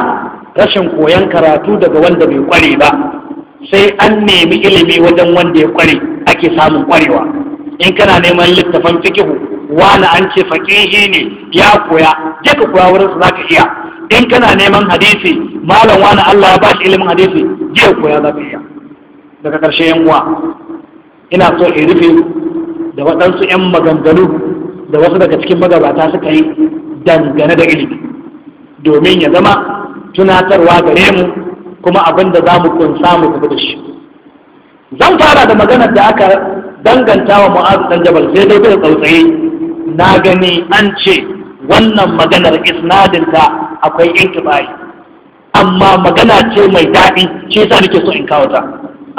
rashin koyan karatu daga wanda bai kware ba sai an nemi ilimi wajen wanda ya kware ake samun kwarewa in kana neman littafan fikihu wani an ce fakihi ne ya koya je ka koya wurin su zaka iya in kana neman hadisi malam wani Allah ya bashi ilimin hadisi je koya za ka iya daga ƙarshe yan uwa ina so in rufe da waɗansu 'yan maganganu da wasu daga cikin magabata suka yi dangane da ilimi domin ya zama tunatarwa gare mu kuma abin da za mu kunsa mu tafi shi zan fara da maganar da aka danganta wa mu'azu dan jabal sai dai bai tsautsaye na gani an ce wannan maganar ta akwai intibai amma magana ce mai daɗi ce sa nake so in kawo ta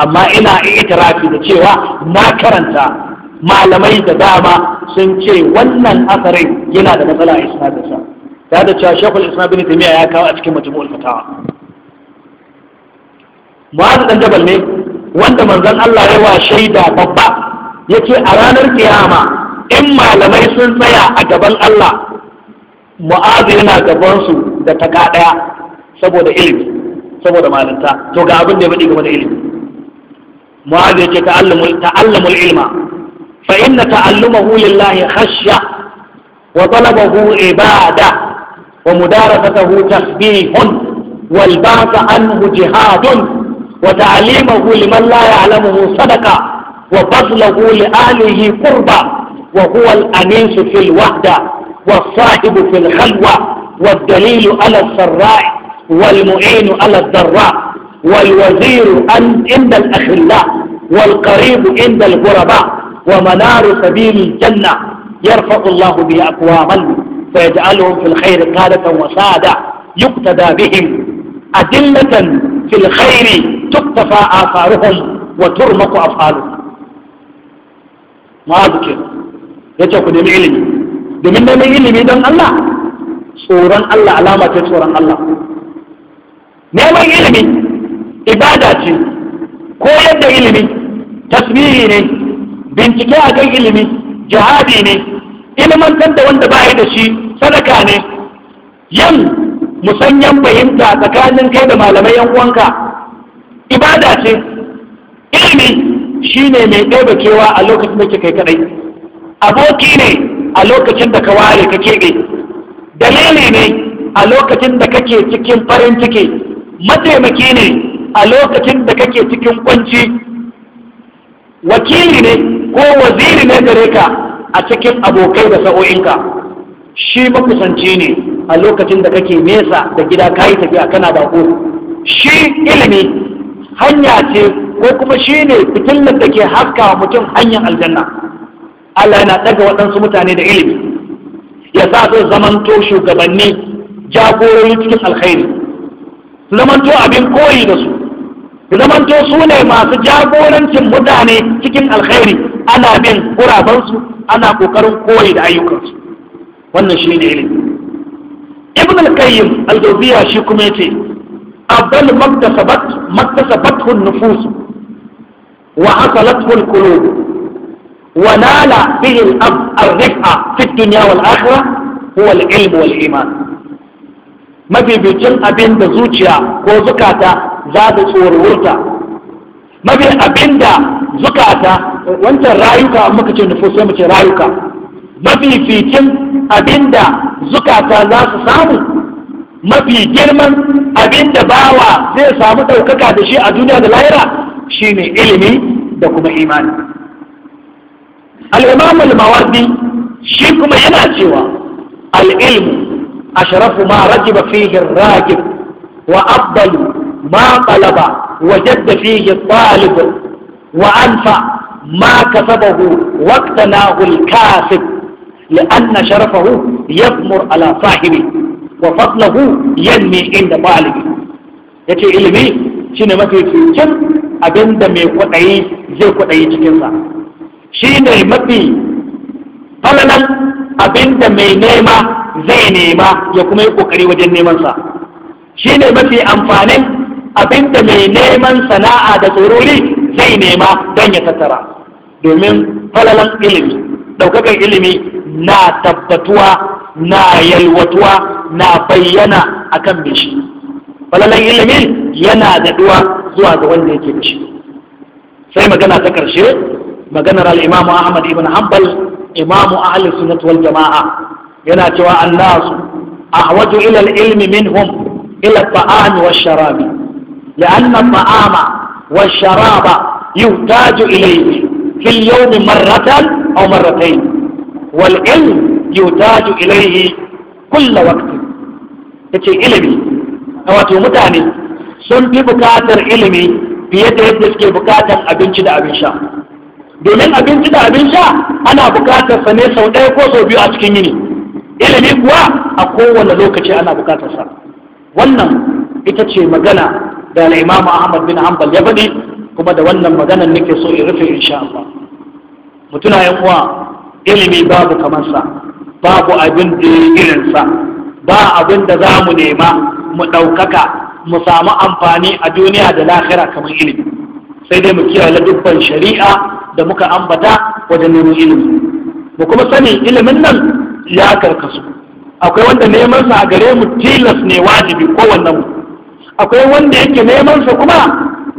amma ina itirafi da cewa na karanta malamai da dama sun ce wannan asarin yana da matsala a isnadinsa ta da cewa shekul isma bin tamiya ya kawo a cikin majmu'ul fatawa mu'azu dan jabal ne wanda manzon Allah ya wa shaida babba Yake a ranar kiyama in malamai sun tsaya a gaban Allah mu'azi yana gabansu da taka ɗaya saboda ilimi saboda malinta to ga abin da ya faɗi game da ilimi mu'azi ya ce ta'allamul ilma fa inna ta'allumahu lillahi khashya wa talabahu ibada wa mudarasatahu tasbihun wal ba'sa anhu jihadun wa ta'limahu liman la ya'lamuhu sadaqa وفضله لأهله قربا وهو الأنيس في الوحدة والصاحب في الخلوة والدليل على السراء والمعين على الضراء والوزير عند الأخلاء والقريب عند الغرباء ومنار سبيل الجنة يرفع الله به أقواما فيجعلهم في الخير قادة وسادة يقتدى بهم أدلة في الخير تقتفى آثارهم وترمق أفعالهم ma'azukin ya ce ku nemi ilimi domin neman ilimi don Allah tsoron Allah alama ce tsoron Allah neman ilimi ibada ce koyar da ilimi tasbihi ne bincike a kan ilimi jihadi ne ilimantar da wanda bayi da shi sadaka ne yan musanyan fahimta tsakanin kai da malamai yan uwanka ibada ce ilimi Shi ne mai ɗebe kewa a lokacin da ke kai kadai aboki ne a lokacin da ka ware ka keɓe dalili ne a lokacin da kake cikin farin ciki mataimaki ne a lokacin da kake cikin kwanci wakili ne ko waziri ne gare ka a cikin abokai da sa'o'inka shi makusanci ne a lokacin da kake nesa da gida kayi tafiya kana da shi ilimi hanya ce ko kuma shi ne fitillar da ke haska mutum hanyar aljanna Allah yana ɗaga waɗansu mutane da ilimi ya sa su zamanto shugabanni jagorori cikin alkhairi su zamanto abin koyi da su su zamanto su ne masu jagorancin mutane cikin alkhairi ana bin gurabansu ana ƙoƙarin koyi da ayyukansu wannan shi ne ilimi ibn al-qayyim al-jawziya shi kuma yace abdal maktasabat maktasabathu an-nufus وحصلته القلوب ونال به الأب الرفعة في الدنيا والآخرة هو العلم والإيمان ما في بيجن أبين بزوجيا وزكاتا زاد صور ورطة ما في أبين دا زكاتا وانت رايوكا أما كتير نفوس يوم رايوكا ما في بيجن أبين دا زكاتا زاد سامو ما في جرمن أبين دا باوا زي سامو توكاكا دشي أدونيا دلائرة shine ilimi da kuma imani al-imam al-mawardi shi kuma yana cewa al-ilmu ashrafu ma rajiba fihi ar-rajib wa afdalu ma talaba wajadda fihi at-talib wa anfa ما كسبه واقتناه الكاسب لأن شرفه يضمر على صاحبه وفضله ينمي عند طالبه yace ilimi shine mafi cikin abinda mai kwaɗayi zai kwaɗayi cikinsa shi ne mafi falalan abinda mai nema zai nema ya kuma yi ƙoƙari wajen nemansa shi ne mafi amfanin abinda mai neman sana'a da tsorori zai nema don ya tattara domin falalan ilimi ɗaukakan ilimi na tabbatuwa na yalwatuwa na bayyana akan bishi falalan ilimin yana daɗuwa zuwa ga wanda yake da shi sai magana ta ƙarshe maganar al'imamu ahmad ibn hanbal imamu ahli sunat wal jama'a yana cewa annasu ahwaju ila al-ilmi min hum at-ta'ami wash-sharabi لأن الطعام والشراب يحتاج إليه في اليوم مرة أو مرتين والعلم يحتاج إليه كل وقت yace ilimi wato mutane sun fi bukatar ilimi fiye da yadda suke bukatar abinci da abin sha domin abinci da abin sha ana bukatar sa ne sau ɗaya ko sau biyu a cikin yini ilimi kuwa a kowane lokaci ana bukatar sa wannan ita ce magana da al'imamu ahmad bin hanbal ya faɗi kuma da wannan maganar nake so in rufe insha Allah tuna yan uwa ilimi babu kamar sa babu abin da irin sa ba abin da za mu nema mu ɗaukaka mu samu amfani a duniya da lahira kamar ilimi sai dai mu kiyaye dubban shari'a da muka ambata wajen neman ilimi mu kuma sani ilimin nan ya karkasu akwai wanda neman sa a gare mu tilas ne wajibi kowannen mu akwai wanda yake neman sa kuma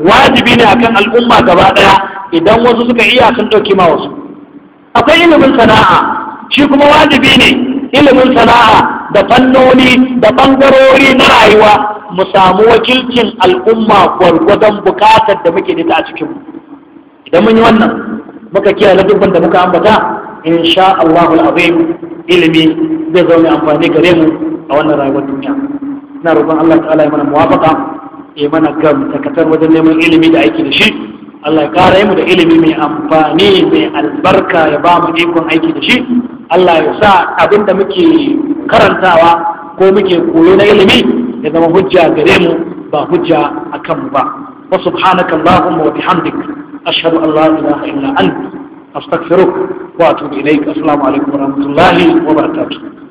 wajibi ne akan al'umma gaba daya idan wasu suka iya sun dauki ma wasu akwai ilimin sana'a shi kuma wajibi ne ilimin sana'a da fannoni da ɓangarori na rayuwa mu samu wakilcin al'umma gwargwadon bukatar da muke da a cikinmu idan mun yi wannan muka kiyaye ladubban da muka ambata insha Allahul azim ilimi zai zama amfani gare mu a wannan rayuwar duniya ina roƙon Allah ta'ala ya mana muwafaqa ya mana gamtakatar wajen neman ilimi da aiki da shi Allah ya ƙara yi mu da ilimi mai amfani mai albarka ya ba mu ikon aiki da shi Allah ya sa abinda muke karantawa ko muke koyo na ilimi ya zama hujja gare mu ba hujja a mu ba wa subhanaka allahumma wa bihamdik ashhadu an la ilaha illa anta astaghfiruka wa atubu ilaik assalamu alaikum wa rahmatullahi wa barakatuh